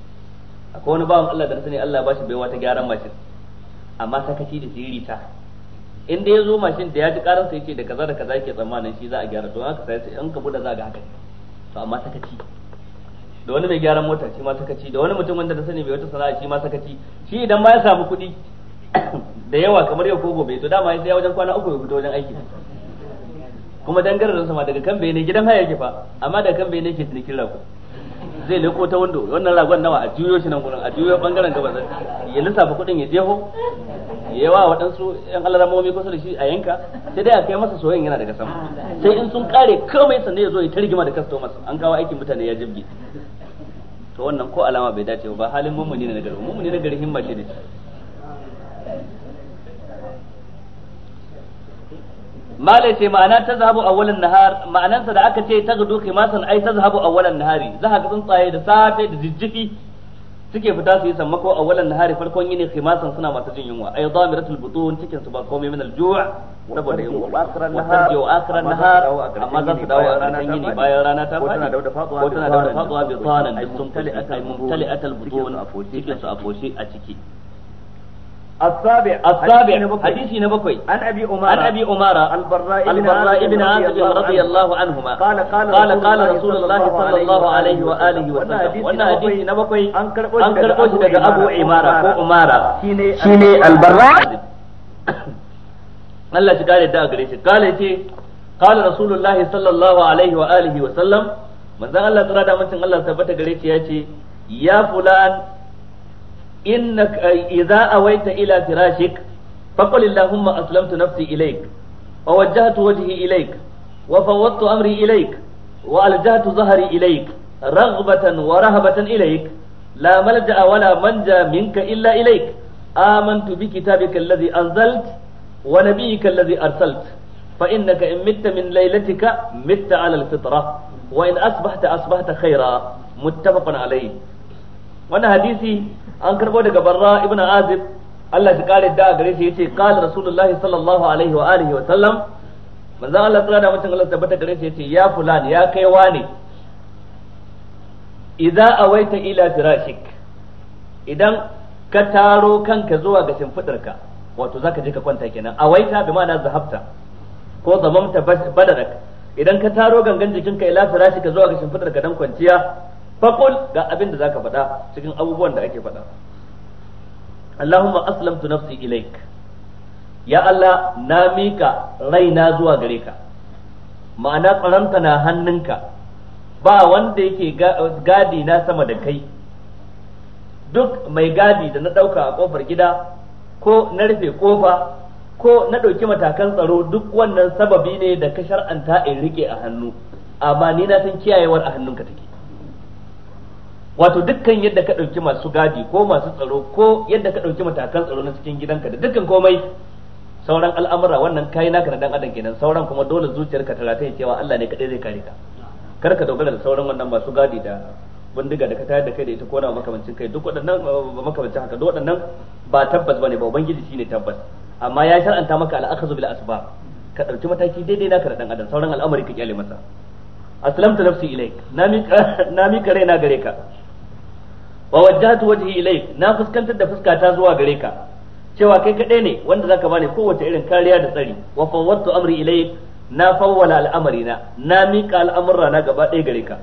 akwai wani bawan Allah da na sani Allah ba shi baiwa ta gyaran mashin amma sakaci da sirita in Inda ya zo mashin da ya ji karansa yace da kaza da kaza yake tsammanin shi za a gyara to haka sai in ka buɗe za ga haka to amma sakaci da wani mai gyaran mota shi ma sakaci da wani mutum wanda da sani bai wata sana'a shi ma sakaci shi idan ma ya samu kuɗi [COUGHS] da yawa kamar yau ko gobe to dama ya sai wajen kwana uku ya fito wajen aiki kuma dangare da sama daga kan bai ne gidan haya ke fa amma daga kan bai ne ke tunikin rako zai leko ta wando wannan ragon nawa a juyo shi nan gurin a juyo bangaren gabas ya lissafa kuɗin ya jeho ya wa waɗansu yan momi kusa da shi a yanka sai dai a kai masa soyayyen yana daga sama sai in sun kare komai sannan ya zo ya targima da customers an kawo aikin mutane ya jibge to wannan ko alama bai dace ba halin mummuni na gari mummuni na gari himma ce da malai ce ma'ana ta zahabu a awwalan nahar ma'anansa da aka ce ta gudu kimasan ai ta zahabu a awwalan nahari za ka ga tsuntsaye da safe da jijjifi suke fita su yi sammako awwalan nahari farkon yini kimasan suna masu jin yunwa ai zamiratul butun cikin su ba komai min al-ju' saboda yunwa wa tarjiu akhiran nahar amma za su dawo a ƙarshen yini bayan rana ta fadi ko tana da faduwa bi tanan sun tali atal mumtali atal butun cikin su a a ciki السابع السابع حديث نبكي عن ابي اماره عن ابي اماره البراء بن عازب رضي الله عنهما قال قال قال قال رسول الله صلى الله عليه واله وسلم wannan hadisi na bakwai an karbo shi daga abu imara ko umara shine albarra Allah shi kare da gare shi kale ce قال رسول الله صلى الله عليه واله وسلم manzon Allah tsara da mutum Allah tabbata gare shi ya ce ya fulan إنك إذا أويت إلى فراشك فقل اللهم أسلمت نفسي إليك ووجهت وجهي إليك وفوضت أمري إليك وألجأت ظهري إليك رغبة ورهبة إليك لا ملجأ ولا منجا منك إلا إليك آمنت بكتابك الذي أنزلت ونبيك الذي أرسلت فإنك إن مت من ليلتك مت على الفطرة وإن أصبحت أصبحت خيرا متفق عليه وأنا حديثي an karbo daga barra ibn azib Allah ya kare da gare shi yace qal rasulullahi sallallahu alaihi wa alihi wa sallam manzo Allah tsara da mutum Allah tabbata gare shi yace ya fulan ya kai wane idza awaita ila firashik idan ka taro kanka zuwa ga shimfidarka wato zaka je ka kwanta kenan awaita bi ma'ana zahabta ko zamamta badarak idan ka taro gangan jikinka ila firashika zuwa ga shimfidarka dan kwanciya faqul ga abin da za ka faɗa cikin abubuwan da ake faɗa Allahumma aslamtu nafsi ilaik ya Allah na mika raina zuwa gare ka ma'ana tsaranta na hannunka ba wanda yake gadi na sama da kai duk mai gadi da na ɗauka a ƙofar gida ko na rufe ƙofa ko na ɗauki matakan tsaro duk wannan sababi ne da ka shar'anta in riƙe a hannu amma ni na san kiyayewar a hannunka take wato dukkan yadda ka ɗauki masu gadi ko masu tsaro ko yadda ka ɗauki matakan tsaro na cikin gidanka da dukkan komai sauran al'amura wannan kai naka na dan adam kenan sauran kuma dole zuciyarka ta rataye cewa Allah ne kadai zai kare ka kar ka dogara da sauran wannan masu gadi da bindiga da ka tayar da kai da ita ko na makamancin kai duk waɗannan ba makamancin haka duk waɗannan ba tabbas bane ba ubangiji shine tabbas amma ya shar'anta maka al'akhazu bil asbab ka ɗauki mataki daidai naka da dan adam sauran al'amari ka kyale masa aslamtu nafsi ilaik na mika [LAUGHS] na mika raina gare ka wa wajjahatu wajhi ilayk na fuskantar da fuska ta zuwa gare ka cewa kai kadai ne wanda zaka bani kowace irin kariya da tsari wa fawwadtu amri ilayk na fawwala al'amari na na mika al'amurra na gaba ɗaya gare ka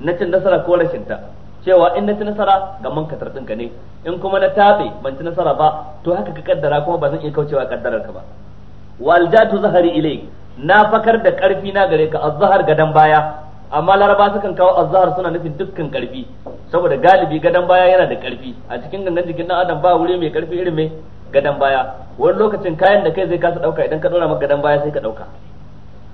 na cin nasara ko rashin ta cewa in na ci nasara ga man katar ɗinka ne in kuma na tabe ban ci nasara ba to haka ka kaddara kuma ba zan iya kaucewa kaddarar ka ba waljatu zahari ilai na fakar da karfi na gare ka azhar gadan baya amma laraba sukan kawo azhar suna nufin dukkan karfi saboda galibi gadan baya yana da karfi a cikin gangan jikin dan adam ba wuri mai karfi irin mai gadan baya wani lokacin kayan da kai zai kasa dauka idan ka dora maka gadan baya sai ka dauka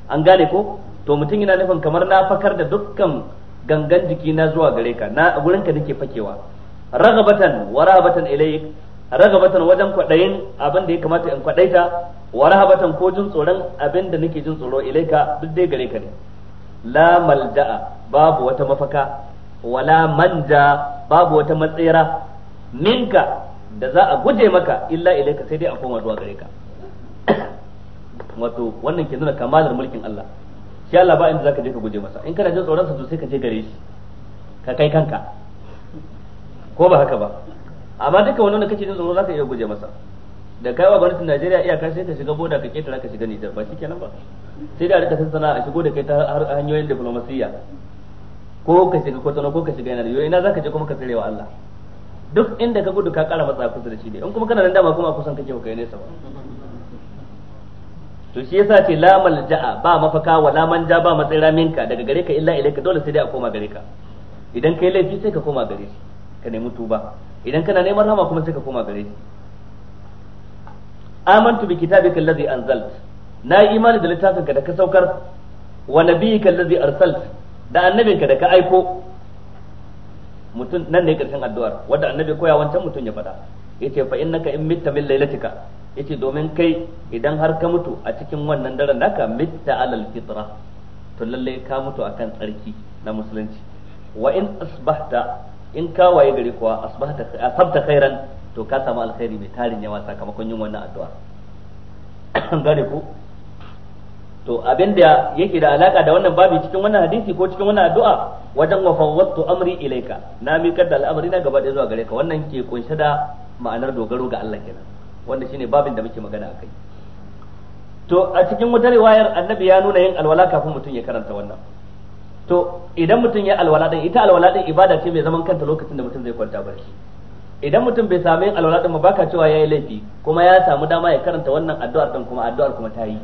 an gane ko to mutum yana nufin kamar na fakar da dukkan gangan jiki na zuwa gare ka na gurin ka nake fakewa ragabatan wa rahabatan ilayk ragabatan wajen kwadayin abin da ya kamata in kwadaita wa rahabatan ko jin tsoron abin da nake jin tsoro ilaika duk dai gare ka ne la malja'a babu wata mafaka wala manja babu wata matsira minka da za a guje maka illa ilaika sai dai a koma zuwa gare ka wato wannan ke nuna kamalar mulkin Allah shi Allah ba inda zaka je ka guje masa in kana jin tsoron sa to sai ka je gare shi ka kai kanka ko ba haka ba amma duka wani da kake jin tsoro zaka iya guje masa da kai wa gwamnatin Najeriya iyaka sai ka shiga boda ka keta ka shiga Nijar ba shi kenan ba sai da rika sana a shigo da kai ta hanyoyin diplomasiya ko ka shiga kwatano ko ka shiga yanar yoyi ina zaka je kuma ka tsirewa Allah duk inda ka gudu ka kara matsa kusa da shi ne in kuma kana nan dama kuma kusan kake kai nesa ba to shi yasa ce la malja'a ba mafaka wa la manja ba matsira minka daga gare ka illa ilaika dole sai dai a koma gare ka idan kai laifi sai ka koma gare shi ka nemi tuba idan kana neman rahama kuma sai ka koma gare shi amantu bi kitabika allazi anzalt na yi imani da littafinka da ka saukar wa nabiyika allazi arsalt da annabinka da ka aiko mutum nan ne karshen addu'ar wanda annabi koya wancan mutum ya faɗa yace fa innaka in mitta min laylatika yace domin kai idan har ka mutu a cikin wannan daren naka mitta alal fitra to lalle ka mutu akan tsarki na musulunci wa in asbahta in ka waye gari kuwa asbahta asabta khairan to ka samu alkhairi mai tarin yawa sakamakon yin wannan addu'a an gane ku to abin da yake da alaka da wannan babi cikin wannan hadisi ko cikin wannan addu'a wajen wa fawwadtu amri ilaika na miƙar da al'amari na gaba ɗaya zuwa gare ka wannan ke kunshe da ma'anar dogaro ga Allah kenan wanda shine babin da muke magana akai to a cikin wata riwayar annabi ya nuna yin alwala kafin mutum ya karanta wannan to idan mutum ya alwala din ita alwala din ibada ce mai zaman kanta lokacin da mutum zai kwanta barci idan mutum bai sami yin alwala din ba ka cewa yayi laifi kuma ya samu dama ya karanta wannan addu'ar din kuma addu'ar kuma ta yi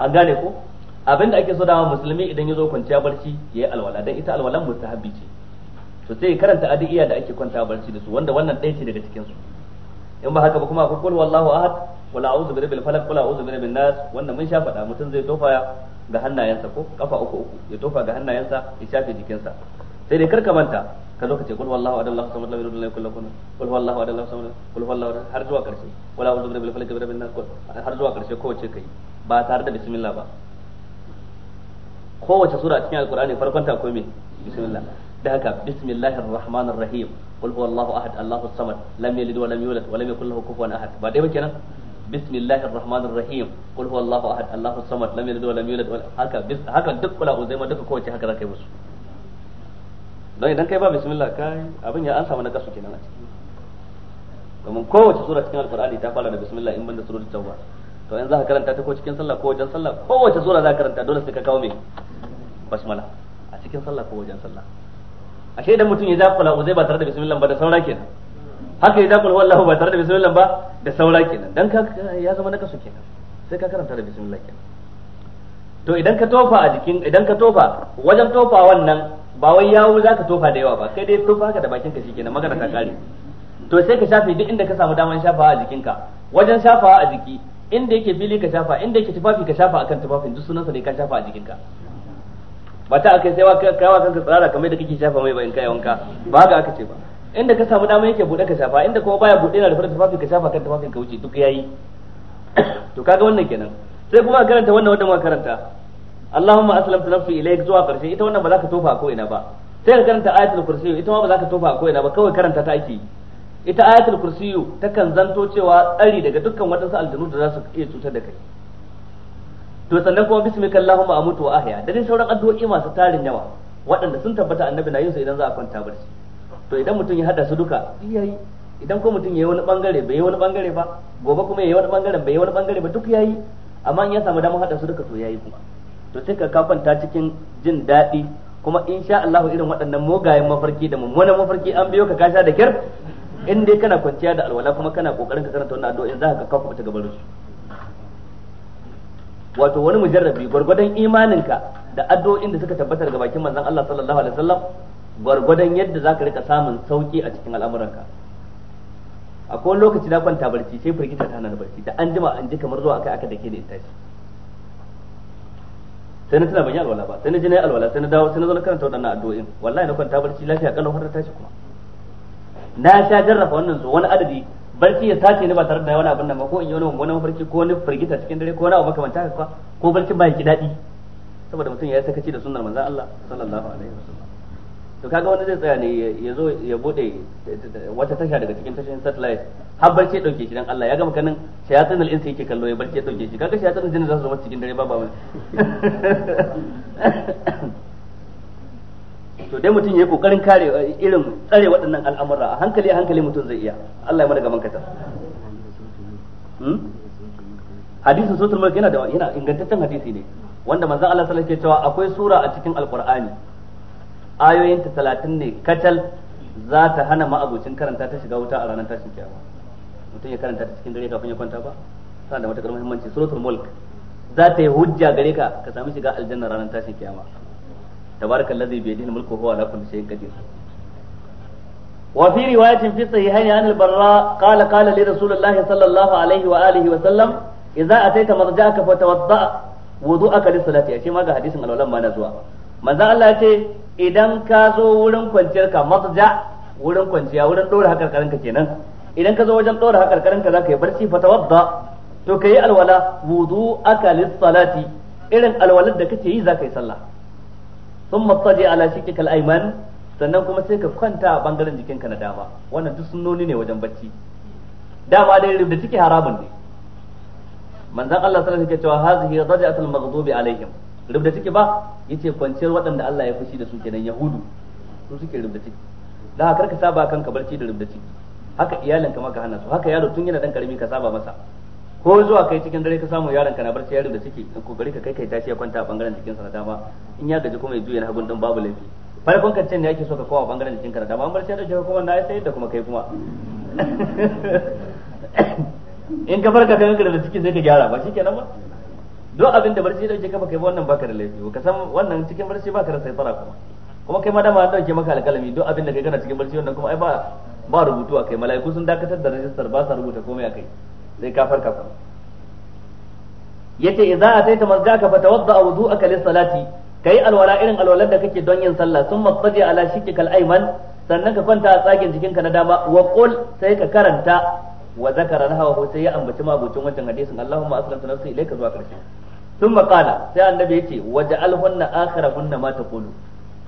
a gane ko da ake so dama musulmi idan ya zo kwanciya barci ya yi alwala dan ita alwalan mustahabbi ce to sai karanta addu'a da ake kwanta barci da su wanda wannan ɗaya ce daga cikin su in ba haka ba kuma akwai kul wallahu ahad wala a'udhu bi rabbil falaq wala a'udhu bi rabbin nas wannan mun sha faɗa mutum zai tofa ga hannayensa ko kafa uku uku ya tofa ga hannayensa ya shafe jikinsa sai dai karka manta ka zo ka ce kul wallahu adam la samad lam yulid lam yakul lahu kul wallahu adam la samad kul wallahu har zuwa karshe wala a'udhu birabbil falaq birabbin nas har zuwa karshe kowace kai ba tare da bismillah ba kowace sura cikin alqur'ani farkon ta akwai me bismillah da haka bismillahir rahmanir rahim kul huwallahu ahad allahus samad lam yalid wa lam yulad wa lam yakul lahu kufuwan ahad ba dai ba kenan بسم الله الرحمن الرحيم قل هو الله احد الله الصمد لم يلد ولم يولد هكا هكا دك ولا زي دك هكا don idan kai ba bismillah kai abin ya an samu na kasu kenan a ciki domin kowace sura cikin alkur'ani ta fara da bismillah in banda surar tauba to yanzu ka karanta ta ko cikin sallah ko wajen sallah kowace sura za ka karanta dole sai ka kawo mai basmala a cikin sallah ko wajen sallah ashe idan mutum ya ja kula uzai ba tare da bismillah ba da saura kenan haka ya ja kula wallahu ba tare da bismillah ba da saura kenan dan ka ya zama na kasu kenan sai ka karanta da bismillah kenan to idan ka tofa a jikin idan ka tofa wajen tofa wannan ba wai yawo ka tofa da yawa ba kai dai tofa haka da bakin ka shikenan magana ta kare to sai ka shafe duk inda ka samu daman shafawa a jikinka wajen shafawa a jiki inda yake fili ka shafa inda yake tufafi ka shafa akan tufafin duk sunansa ne ka shafa a jikinka ba ta akai sai wa kawa kanka tsara kamar da kake shafa mai ba in kai wanka ba ga aka ce ba inda ka samu dama yake bude ka shafa inda kuma baya bude na rufe tufafi ka shafa kan tufafin ka wuce duk yayi [COUGHS] to kaga wannan kenan sai kuma a karanta wannan wanda muka karanta Allahumma aslamtu nafsi ilayk zuwa karshe ita wannan ba za ka tofa ko ina ba sai ka karanta ayatul kursiyu ita ma ba za ka tofa ko ina ba kawai karanta ta ake ita ayatul kursiyu kan zanto cewa tsari daga dukkan waɗansu aljanu da za su iya cutar da kai to sannan kuma bismika Allahumma amutu wa ahya da dai sauran addu'o'i masu tarin yawa waɗanda sun tabbata annabi na yin su idan za a kwanta barci to idan mutum ya hada su duka yayi idan ko mutum yayi wani bangare bai yi wani bangare ba gobe kuma yayi wani bangaren bai yi wani bangare ba duk yayi amma in ya samu damar hada su duka to yayi kuma to sai ka kwanta cikin jin daɗi kuma insha Allah irin waɗannan mugayen mafarki da mummunan mafarki an biyo ka kasha da kyar in dai kana kwanciya da alwala kuma kana kokarin ka karanta wannan addu'o'in za ka kafa ta gaban su wato wani mujarrabi gwargwadon imaninka da addu'o'in da suka tabbata ga bakin manzon Allah sallallahu alaihi wasallam gwargwadon yadda zaka rika samun sauki a cikin al'amuranka akwai lokaci na kwanta barci sai firgita ta hana barci da an jima an ji kamar zuwa akai aka dake da tashi sai na tana ban yi alwala ba sai na ji na yi alwala sai na dawo sai na zo na karanta waɗannan addu'o'in wallahi na kwanta barci lafiya kallon har ta tashi kuma na sha jarrafa wannan so wani adadi barci ya sace ni ba tare da wani abin nan ba ko in yi wani wani mafarki ko wani firgita cikin dare ko wani abu makamanta haka ko barci ba ya ki daɗi saboda mutum ya yi sakaci da sunnar manzon Allah sallallahu alaihi wasallam to kaga wani zai tsaya ne ya zo ya bude wata tasha daga cikin tashin satellite har barci dauke shi dan Allah ya gama kanin shayatin al-insi yake kallo ya barci dauke shi kaga shayatin jinni za su zama cikin dare babu wani to dai mutum ya yi kokarin kare eh, irin tsare waɗannan al'amura a hankali a hankali mutum zai iya Allah ya mada gaban ta hmm? hadisin sotul mulk yana da yana ingantaccen hadisi ne wanda manzon Allah sallallahu alaihi wasallam cewa akwai sura a cikin alqur'ani ayoyin ta talatin ne kacal za ta hana ma'abucin karanta ta shiga wuta a ranar tashin kiyama mutum ya karanta ta cikin dare kafin ya kwanta ba tana da matakar muhimmanci suratul mulk za ta yi hujja gare ka ka sami shiga aljanna ranar tashin kiyama tabarakal ladzi bi yadihi mulku huwa ala kulli shay'in qadir wa fi riwayatin fi sahihayn an al-barra qala qala li rasulillah sallallahu alaihi wa alihi wa sallam idza ataita marja'aka fatawadda wudu'aka lis-salati ashe ma ga hadisin alwalan ma na zuwa manzo Allah ya ce idan ka zo wurin kwanciyar ka matja wurin kwanciya wurin dora hakarkarin ka kenan idan ka zo wajen dora hakarkarin ka zaka yi barci fatawadda to kai alwala aka lis-salati irin alwalar da kake yi zaka yi sallah thumma taji ala kala ayman sannan kuma sai ka kwanta a bangaren jikinka na dama wannan duk sunnoni ne wajen barci. dama dai rubda ciki haramun ne manzon Allah sallallahu alaihi wasallam yake cewa hazihi raj'atul maghdubi alaihim rubda take ba yace kwanciyar waɗanda Allah ya fushi da su kenan yahudu su suke rubda take da haka ka saba kanka barci da rubda take haka iyalin ka maka hana su haka yaro tun yana dan karami ka saba masa ko zuwa kai cikin dare ka samu yaron ka na barci ya rubda ciki ko bari ka kai kai tashi ya kwanta a bangaren cikin sa na dama in ya gaji kuma ya juya na hagun dan babu laifi farkon kan can ne yake so ka kowa bangaren cikin ka na dama an barci ya dauke kuma na sai da kuma kai kuma [COUGHS] in ka farka kan ka da cikin sai ka gyara ba shikenan ba don abin da barci dauke kafa kai wannan baka da laifi ka san wannan cikin barci baka da saitara kuma kuma kai ma dama an dauke maka alƙalami don abin da kai kana cikin barci wannan kuma ai ba ba rubutu a kai mala'iku sun dakatar da rajistar ba sa rubuta komai a kai sai ka farka kuma yace idza ataita masjaka fatawadda wudu'aka lis-salati kai alwala irin alwalar da kake don yin sallah sun mafaji ala shikkal aiman sannan ka kwanta a tsagen jikinka na dama wa qul sai ka karanta wa zakara nahawa sai ya ambaci mabucin wancan hadisin Allahumma aslamtu nafsi ilayka zuwa karshe sun maƙala sai annabi ya ce waje alhunna akhira hunna ma taqulu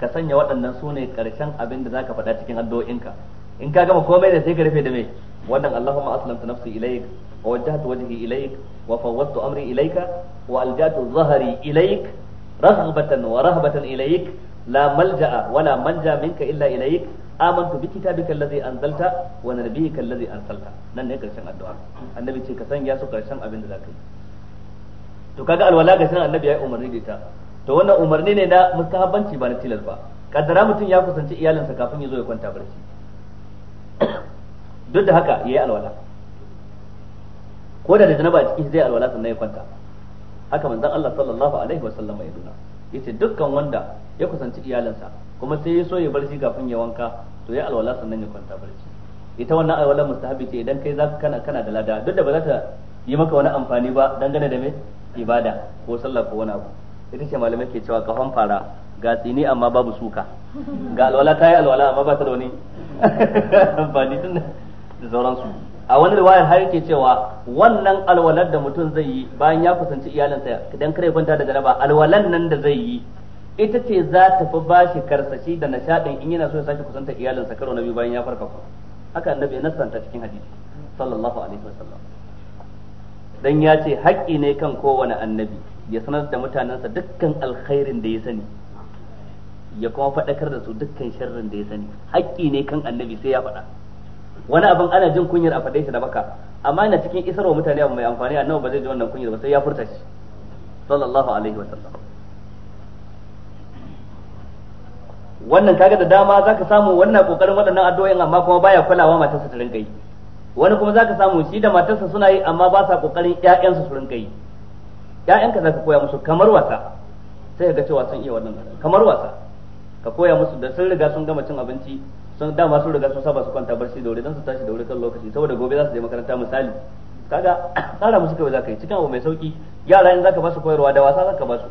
ka sanya waɗannan su ne ƙarshen abin da zaka faɗa cikin addu'o'inka in ka gama komai da sai ka rufe da mai wannan Allahumma aslamtu nafsi ilayk wa wajjahtu wajhi ilayk wa fawwadtu amri ilayka wa aljatu dhahri ilayk raghbatan wa rahbatan ilayk la malja'a wala manja minka illa ilayk amantu bi kitabika allazi anzalta wa nabiyyika allazi arsalta nan ne karshen addu'a annabi ce ka sanya su karshen abin da zaka yi to kaga alwala ga sanan annabi ya umarni da ita to wannan umarni ne na mustahabbanci ba na tilas ba kaddara mutum ya kusanci iyalinsa kafin ya zo ya kwanta barci [COUGHS] duk da haka yayi alwala ko da da janaba a cikin zai alwala sannan ya kwanta haka manzon Allah sallallahu alaihi wasallam ya duna yace dukkan wanda ya kusanci iyalinsa kuma sai ya so ya barci kafin ya wanka to ya alwala sannan ya kwanta barci ita wannan alwala mustahabi ce idan kai zaka kana kana da lada duk da ba za ta yi maka wani amfani ba dangane da me ibada ko sallah ko wani abu ita ce malamai ke cewa kafan fara ga tsini amma babu suka ga alwala ta yi alwala amma ba ta da wani [LAUGHS] amfani tun da sauransu a wani riwayar har yake cewa wannan alwalar da mutum zai yi bayan ya kusanci iyalinsa idan kare kwanta da jaraba alwalan nan da zai yi ita ce za ta fi ba shi karsashi da nishadin in yana so ya sake kusantar iyalinsa karo na biyu bayan ya farka ku haka annabi ya nasanta cikin hadisi sallallahu alaihi wasallam dan ya ce haƙƙi ne kan kowane annabi ya sanar da mutanensa dukkan alkhairin da ya sani ya kuma faɗakar da su dukkan sharrin da ya sani haƙƙi ne kan annabi sai ya faɗa wani abin ana jin kunyar a faɗe shi da baka amma yana cikin isarwa mutane abu mai amfani annabi ba zai ji wannan kunyar ba sai ya furta shi sallallahu alaihi wasallam wannan kaga da dama zaka samu wannan kokarin waɗannan addu'o'in amma kuma baya kulawa matarsa ta rinka yi wani kuma zaka samu shi da matarsa suna yi amma ba sa kokarin ƴaƴansu su rinka yi ƴaƴanka zaka koya musu kamar wasa sai ka ga cewa sun iya wannan kamar wasa ka koya musu da sun riga sun gama cin abinci sun dama sun riga sun saba su kwanta barci da wuri don su tashi da wuri kan lokaci saboda gobe za su je makaranta misali kaga [COUGHS] tsara musu za zaka yi cikin abu mai sauki yara in zaka ba su koyarwa da wasa zaka ba su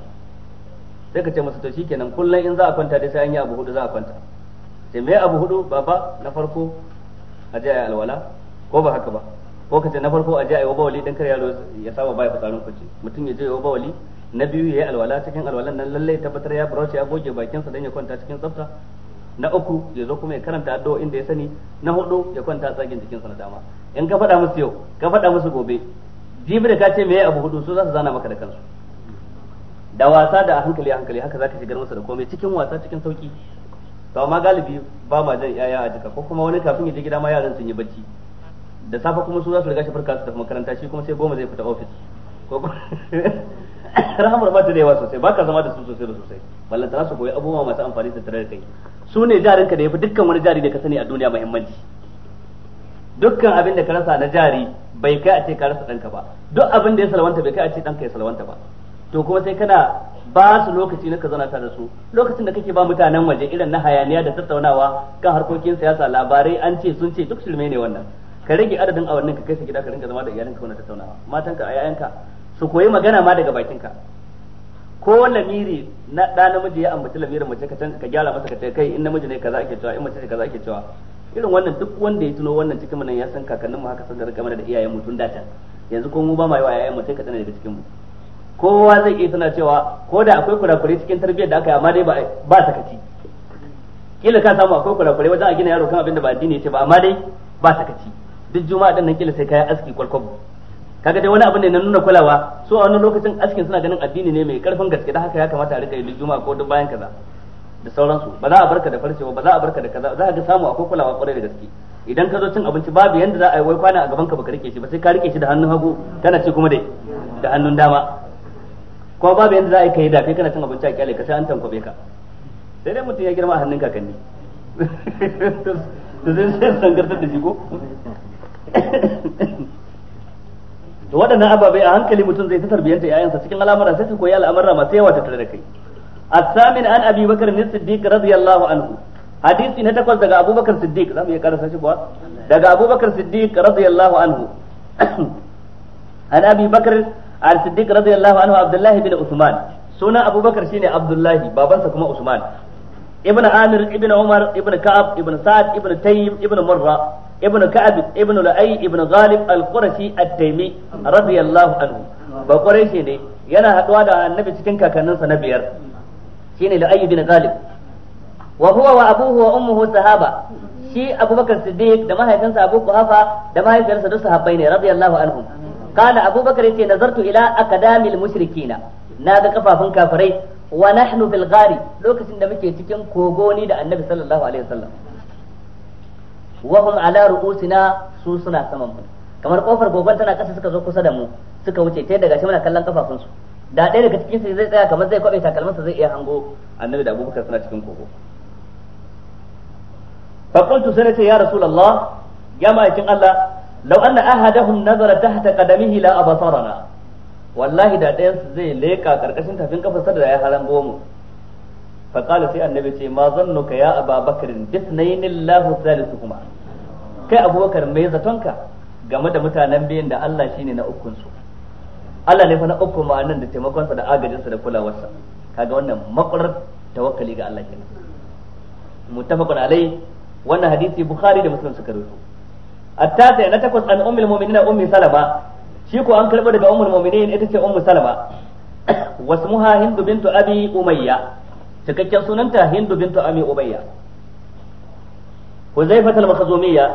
sai ka ce masa to shikenan kullum in za a kwanta dai sai an yi abu hudu za a kwanta sai me abu hudu baba na farko a je ayi alwala ko ba haka ba ko ka ce na farko a je ayi bawali dan kar yaro ya saba bai fitsarin kuce mutum ya je ya bawali na biyu ya yi alwala cikin alwalan nan lalle tabbatar ya brush ya goge bakinsa dan ya kwanta cikin tsafta na uku ya zo kuma ya karanta addu'o inda ya sani na hudu ya kwanta tsagin jikinsa na dama in ka faɗa musu yau ka faɗa musu gobe jibi da ka ce me abu hudu su za su zana maka da kansu da wasa da a hankali a hankali haka zaka shigar masa da komai cikin wasa cikin sauki to amma galibi ba ma jan yaya a jika ko kuma wani kafin ya je gida ma yaran sun yi bacci da safe kuma su za su riga shi farka su tafi makaranta shi kuma sai goma zai fita ofis ko [COUGHS] rahamar ba ta da yawa sosai ba ka zama da su sosai da sosai za su koyi abubuwa masu amfani da tare da kai su ne jarinka da ya fi dukkan wani jari da ka sani a duniya muhimmanci dukkan abin da ka rasa na jari bai kai a ce ka rasa ɗanka ba duk abin da ya salwanta bai kai a ce ɗanka ya salwanta ba to kuma sai kana ba su lokaci na ka zauna tare da su lokacin da kake ba mutanen waje irin na hayaniya da tattaunawa kan harkokin siyasa labarai an ce sun ce duk shirme ne wannan ka rage adadin awannin ka kai su gida ka rinka zama da iyalinka wannan tattaunawa matanka a yayanka su koyi magana ma daga bakinka ko lamiri na da namiji ya ambaci lamirin mace ka ka gyara masa ka ce kai in namiji ne kaza ake cewa in mace ne kaza ake cewa irin wannan duk wanda ya tuno wannan cikin nan ya san kakanninmu haka sun da rika mana da iyayen tun da yanzu ko mu ba ma yi wa yayan mu sai ka tsana daga cikin mu kowa zai iya suna cewa ko da akwai kurakurai cikin tarbiyyar da aka yi amma dai ba sakaci kila ka samu akwai kurakurai wajen a gina yaro kan abin da ba addini ya ce ba amma dai ba sakaci duk juma'a din nan kila sai kayan aski kwalkwabo kaga dai wani abin ne na nuna kulawa so a wani lokacin askin suna ganin addini ne mai karfin gaske da haka ya kamata a rika yi duk juma'a ko duk bayan kaza da sauransu ba za a barka da farce ba za a barka da kaza za ka samu akwai kulawa kwarai da gaske idan ka zo cin abinci babu yanda za a yi wai kwana a gaban ka baka rike shi ba sai ka rike shi da hannun hagu kana ci kuma dai da hannun dama ko babu yadda za a yi kai da kai kana cin abinci a kyale ka sai an tankwabe ka sai dai mutum ya girma a hannun kakanni to zai sai sangartar da shi ko to waɗannan ababai a hankali mutum zai ta tarbiyyanta yayansa cikin al'amura sai su koyi al'amura masu yawa tattare da kai A عن an بكر ne siddiq radiyallahu anhu hadisi na takwas daga abubakar siddiq za mu iya karasa shi kuwa daga abubakar siddiq radiyallahu anhu an abi al-siddiq radiyallahu anhu abdullahi bin usman sunan abubakar shine abdullahi babansa kuma usman ibn amir ibn umar ibn ka'ab ibn sa'ad ibn tayyib ibn murra ibn ka'ab ibn lu'ay ibn ghalib al-qurashi at-taymi radiyallahu anhu ba quraishi ne yana haduwa da annabi cikin kakanninsa na biyar shine lu'ay ibn ghalib wa huwa wa abuhu wa ummuhu sahaba shi abubakar siddiq da mahaifinsa abu kuhafa da mahaifiyarsa duk sahabbai ne radiyallahu anhum qala abubakar yace nazartu ila akadamil mushrikina na ga kafafun kafirai wa nahnu bil lokacin da muke cikin kogo ni da annabi sallallahu alaihi wasallam kamar kofar gogon tana kasa suka zo kusa da mu suka wuce ta daga shi muna kallon kafafun su da ɗaya daga cikin su zai tsaya kamar zai kwabe takalmansa zai iya hango annabi da abubakar suna cikin kogo fa qultu ya rasulullah ya ma'aikin Allah law anna ahadahum nazara tahta qadamihi la abasarana wallahi da ɗayan su zai leka karkashin tafin kafarsa da ya harango mu fa qala sai annabi ce ma ka ya ababakar bisnayn allah kuma kai abubakar mai zatonka game da mutanen biyan da Allah shine na ukun su Allah ne fa na ukun annan da taimakon taimakonsa da sa da kulawarsa kaga wannan makwar tawakkali ga Allah kenan mutafaqun alai wannan hadisi bukhari da muslim suka rawaito التاسع نتكوس أن أم المؤمنين أم سلمة شيكو أن كلمة أم المؤمنين إتسي أم سلمة واسمها هند بنت أبي أمية cikakken sunanta hindu bintu ami ubayya huzaifa al-makhzumiyya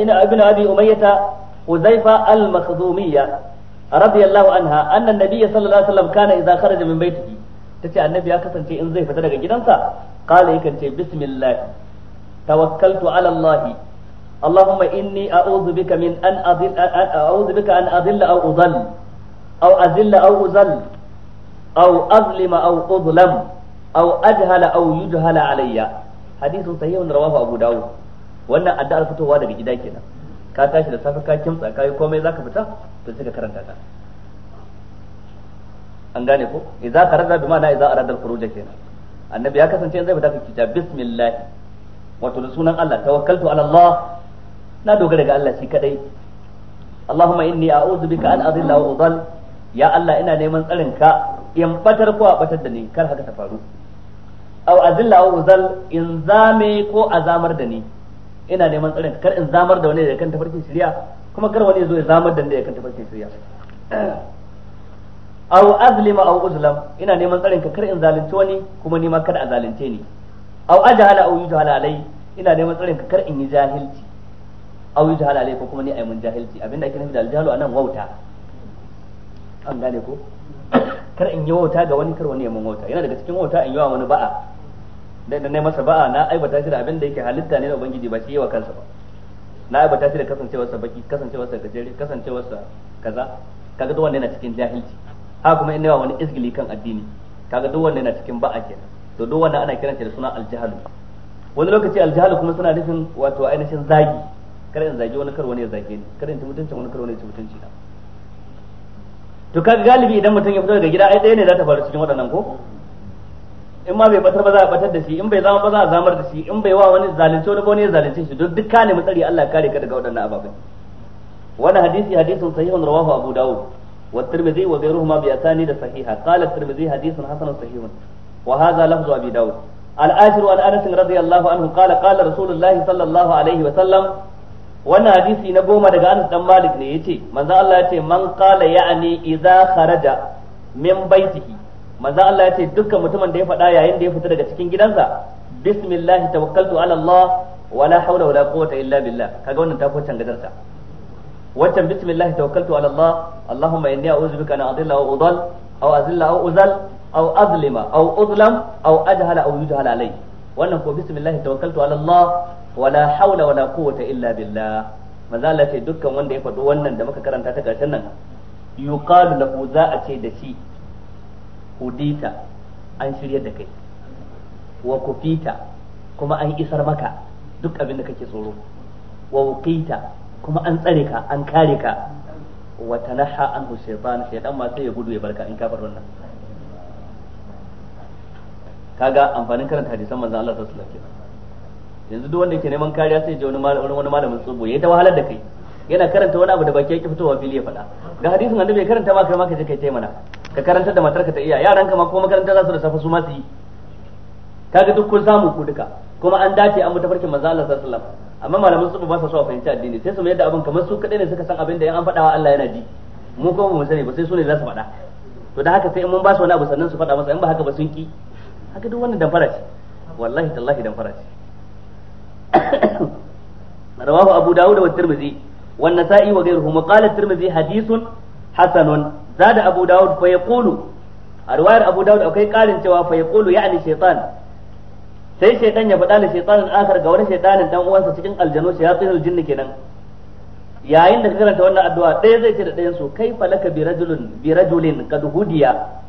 ina ibn abi umayyah al-makhzumiyya radiyallahu anha anna nabiyya sallallahu alaihi wasallam kana idza kharaja min baitihi tace annabi ya kasance in zai fita daga gidansa kala yakan ce bismillah tawakkaltu ala اللهم إني أعوذ بك من أن أضل أعوذ بك أن أضل أو أضل أو أذل أو أذل أو أظلم أو أظلم أو أجهل أو يجهل علي حديث صحيح رواه أبو داود wannan addu'ar fitowa daga gida kenan ka tashi da safe ka kimtsa ka yi komai zaka fita to ka karanta ta an gane ko idza qarada bi ma'ana idza arada al-khuruj kenan annabi ya kasance zai fita ka kita bismillah wato da sunan Allah tawakkaltu Allah na dogara ga Allah shi kadai Allahumma inni a'udhu bika an adilla wa udall ya Allah ina neman tsarin ka in batar ko a batar da ni kar haka ta faru aw adilla wa udall in zame ko azamar da ni ina neman tsarin kar in zamar da wani da kan tafarkin shari'a kuma kar wani zo ya zamar da ni da kan tafarkin shari'a aw [CLEARS THROAT] azlima aw uzlam ina neman tsarin ka kar in zalunci wani kuma ni ma kada a zalunce ni aw ajhala aw yujhala alai ina neman tsarin ka kar in yi jahilci Auyi jahala ne ko kuma ni ai mun jahilci abinda ake nufi da aljahalu anan wauta an gane ko kar in yi wauta ga wani kar wani ya mun wauta yana daga cikin wauta in yi wa wani ba'a da na masa ba'a na aibata shi da abin da yake halitta ne na ubangiji ba shi yi wa kansa ba na aibata shi da kasancewarsa baki kasancewarsa gajere kasancewarsa kaza kaga duk wanda yana cikin jahilci haka kuma in wa wani izgili kan addini kaga duk wanda yana cikin ba'a kenan to duk wanda ana kiran shi da suna aljahalu wani lokaci aljahalu kuma suna nufin wato ainihin zagi kar in zage wani kar wani ya zage ni kar in ci mutuncin wani kar wani ya ci mutunci na to kaga galibi idan mutum ya fito daga gida ai ɗaya ne za ta faru cikin waɗannan ko in ma bai batar ba za a batar da shi in bai zama ba za a zamar da shi in bai wa wani zalunce wani ba wani ya zalunce shi duk duka ne mutsari Allah kare ka daga waɗannan ababai wani hadisi hadisin sahihun rawahu abu dawud wa tirmidhi wa ghayruhuma bi asani da sahiha qala tirmidhi hadisin hasanun sahihun wa hadha lafzu abi dawud al-ashir an anas radiyallahu anhu qala qala rasulullahi sallallahu wannan hadisi na goma daga Anas dan Malik ne yace manzo Allah yace man qala ya'ni idza kharaja min baitihi manzo Allah yace dukkan mutumin da ya faɗa yayin da ya fita daga cikin gidansa bismillah tawakkaltu ala Allah wala hawla wala quwwata illa billah kaga wannan ta kwacan gadarta waccan bismillah tawakkaltu ala Allah Allahumma inni a'udhu bika an adilla wa udal aw azilla aw uzal aw azlima aw udlam aw ajhala aw yujhala alayya wannan ko bismillah tawakkaltu ala Allah wala haula wala quwwata illa billah maza Allah ce dukkan wanda ya faɗo wannan da muka karanta ta karshen nan yuqalu lahu za a ce da shi hudita an shirya da kai wa kufita kuma an isar maka duk abin da kake tsoro wa kuma an tsare ka an kare ka wa tanaha anhu shaytan shaytan ma sai ya gudu ya barka in ka bar wannan kaga amfanin karanta hadisan manzon Allah sallallahu alaihi wasallam yanzu duk wanda yake neman kariya sai je wani wani malamin tsubo yayi ta wahalar da kai yana karanta wani abu da baki yake fitowa fili ya faɗa ga hadisin annabi ya karanta ma kai ma ka je kai tai mana ka karanta da matarka ta iya yaran ka ma ko makaranta za su da safa su ma su yi kaga duk kun samu ku duka kuma an dace an mutu farkin manzo Allah sallallahu alaihi wasallam amma malaman tsubo ba sa so a fahimci addini sai su mai da abin kamar su kadai ne suka san abin da yan an faɗawa Allah yana ji mu kuma ba mu sani ba sai su ne za su faɗa to da haka sai in mun ba su wani abu sannan su fada masa in ba haka ba sun ki haka duk wannan damfara ce wallahi tallahi damfara ce [COUGHS] rawahu abu dawud wa tirmidhi wa nasai wa ma qala tirmidhi hadithun hasanun zada abu dawud fa yaqulu a riwayar abu dawud akwai karin cewa fa yaqulu ya'ni shaytan sai shaytan ya faɗa da shaytanin akhar ga wani shaytanin dan uwansa cikin aljanu tsira jinn kenan yayin da ka karanta wannan addu'a ɗaya zai ce da ɗayan su kai falaka bi rajulin bi rajulin kad hudiya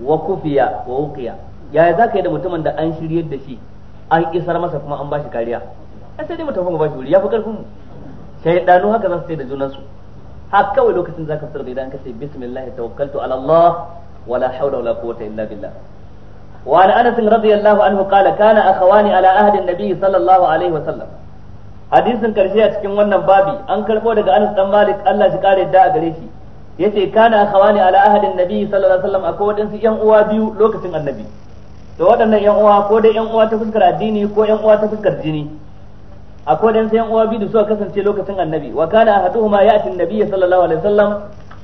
wa kufiya wa uqiya yaya za ka yi da mutumin da an shirye da shi an isar masa kuma an bashi kariya a sai dai mutumin ba shi wuri ya fi karfin mu shaydanu haka za su ce da junansu haka kawai lokacin za ka sarrafa da idan ka ce bismillah tawakkaltu ala Allah wala hawla wala quwwata illa billah وعن anas رضي anhu qala kana akhawani ala ahdi an-nabi sallallahu alaihi wa sallam hadisin karshe a cikin wannan babi an karbo daga Anas dan Malik Allah shi kare da a gare shi yace kana akhawani ala ahadin nabi sallallahu alaihi sallam akwai wadansu yan uwa biyu lokacin annabi to waɗannan yan uwa ko dai yan uwa ta fuskar addini ko yan uwa ta fuskar jini akwai dan sai yan uwa biyu da suka kasance lokacin annabi wa kana ahaduhuma ya'ti annabiyya sallallahu alaihi wasallam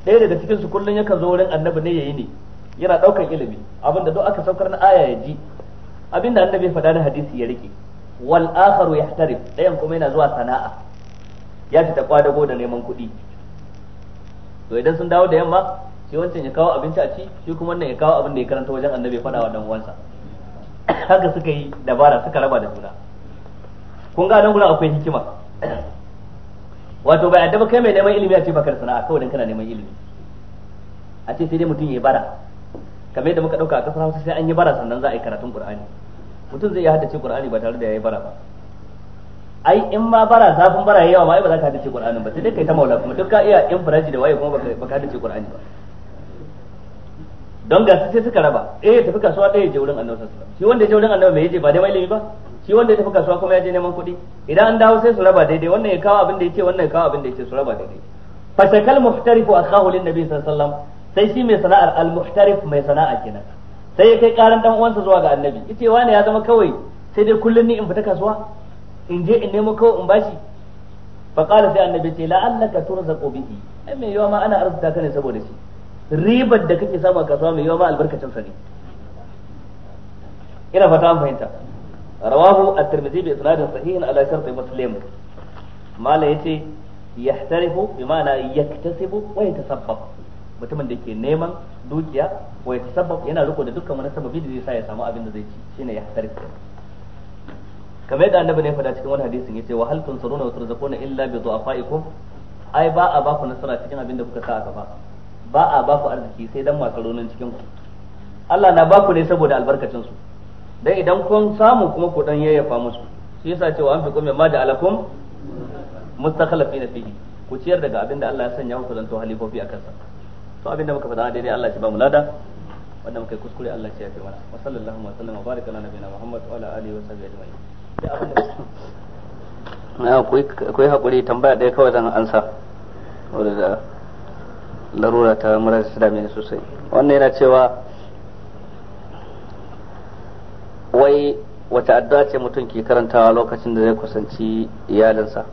ɗaya daga cikin su kullun yakan zo wurin annabi ne yayi ne yana daukar ilimi abinda duk aka saukar na aya ya ji abinda annabi ya faɗa da hadisi ya rike wal akharu yahtarif ɗayan kuma yana zuwa sana'a ya fita kwadago da neman kuɗi to idan sun dawo da yamma sai wancan ya kawo abinci a ci shi kuma wannan ya kawo abin da ya karanta wajen annabi faɗa wa dan uwansa haka suka yi dabara suka raba da juna kun ga nan gurin akwai hikima wato bai addaba kai mai neman ilimi a ce bakar sana'a kawai dan kana neman ilimi a ce sai dai mutum ya bara kamar yadda muka dauka a kasar Hausa sai an yi bara sannan za a yi karatun Qur'ani mutum zai iya haddace Qur'ani ba tare da ya yi bara ba ai in ma bara zafin bara yawa ma ai ba za ka haddace Qur'ani ba sai dai kai ta maula kuma duk ka iya in faraji da waye kuma baka haddace Qur'ani ba don ga sai suka raba eh tafi kasuwa ɗaya ya je wurin annabi sallallahu alaihi shi wanda ya je wurin annabi mai je ba mai ilimi ba shi wanda ya tafi kasuwa kuma ya je neman kuɗi idan an dawo sai su raba daidai wannan ya kawo abin da yake wannan ya kawo abin da yake su raba daidai fa shakal wa akhahu lin nabi sallallahu alaihi wasallam sai shi mai sana'ar al muhtarif mai sana'a kenan sai ya kai karan dan uwansa zuwa ga annabi yace wani ya zama kawai sai dai kullun ni in fita kasuwa in je in nemo kawai in bashi fa qala sai annabi ce la'allaka turzaqu bihi ai me yawa ma ana arzuta ka ne saboda shi ribar da kake samu a kasuwa mai yawa ma albarkacin sa ne ina fata an fahimta rawahu at-tirmidhi bi isnadin sahihin ala shart muslim mala yace yahtarifu bi ma'ana yaktasibu wa yatasabbab mutumin da ke neman dukiya wa yatasabbab yana riko da dukkan wani sababi da zai sa ya samu abin da zai ci shine yahtarifu kamar da annabi ne faɗa cikin wani hadisin yace wa hal tunsuruna wa turzakuna illa bi du'afaikum ai ba a ba ku nasara cikin abin da kuka sa a gaba ba a ba ku arziki sai dan makaronin cikin ku Allah na ba ku ne saboda albarkacin su dan idan kun samu kuma ku dan yayyafa musu shi yasa cewa an fi kuma ma da alakum na fihi ku ciyar daga abin da Allah ya sanya ku zanto halifofi a kansa to abin da muka faɗa daidai Allah ya ba mu lada wanda muka yi kuskure Allah ya yafe mana wa sallallahu wa sallam wa baraka ala nabiyina Muhammad wa ala alihi wa sahbihi ajma'in na kuwa da haƙuri hakuri tambaya ɗaya kawai zan ansa larura ta mura su dame sosai wannan yana cewa wai wata addu'a ce mutum ke karantawa lokacin da zai kusanci iyalinsa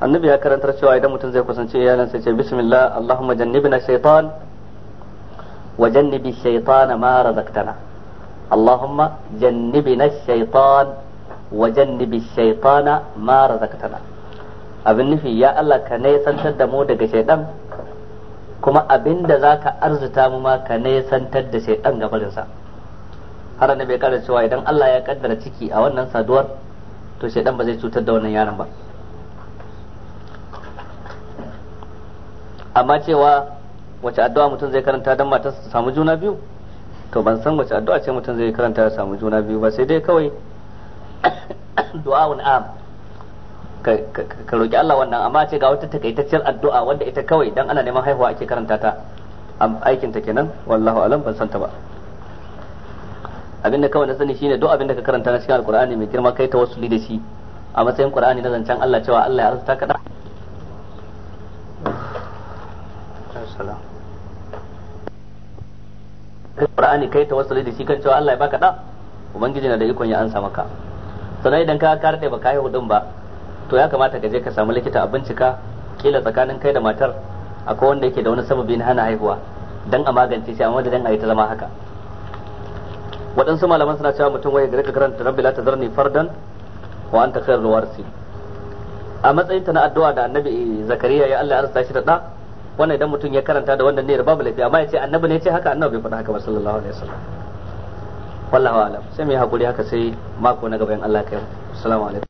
annabi ya karantar cewa idan mutum zai kusanci iyalinsa ce bismillah allahumma jannibna shaitan wa jannibi shaitana ma razaqtana allahumma jannibna shaitan wa jannibi shaitana ma razaqtana abin nufi ya Allah ka santar da mu daga shaidan kuma abin da za ka arzuta mu ma ka santar da shaidan ga barinsa har na bai kara cewa idan Allah ya kaddara ciki a wannan saduwar to shaidan ba zai cutar da wannan yaron ba amma cewa wace addu'a mutum zai karanta don matarsa ta samu juna biyu to ban san wace addu'a ce mutum zai karanta ya samu juna biyu ba sai dai kawai [COUGHS] du'a am ka roƙi Allah wannan amma ce ga wata takaitacciyar addu'a wanda ita kawai dan ana neman haihuwa ake karanta ta aikin ta kenan wallahu alam ban santa ba abinda kawai na sani shine duk abinda ka karanta na cikin alqur'ani mai girma kai tawassuli da shi a matsayin qur'ani na zancen Allah cewa Allah ya arzuta ka da Qur'ani kai tawassuli da shi kan cewa Allah ya baka da ubangiji na da ikon ya ansa maka sannan idan ka karɗe ba ka yi hudun ba to ya kamata ka je ka samu likita a bincika kila tsakanin kai da matar akwai wanda yake da wani sababi na hana haihuwa dan a magance shi amma dan a yi ta zama haka waɗansu malaman suna cewa mutum waye ka karanta rabbi la tazarni fardan wa anta khairul warisi a matsayin ta na addu'a da annabi zakariya ya Allah arsa shi da da wannan idan mutum ya karanta da wannan ne babu laifi amma ya ce annabi ne ya ce haka annabi bai faɗa haka ba sallallahu alaihi wasallam wallahu alam sai mai yi hakuri haka sai mako na gaban Allah kai assalamu alaikum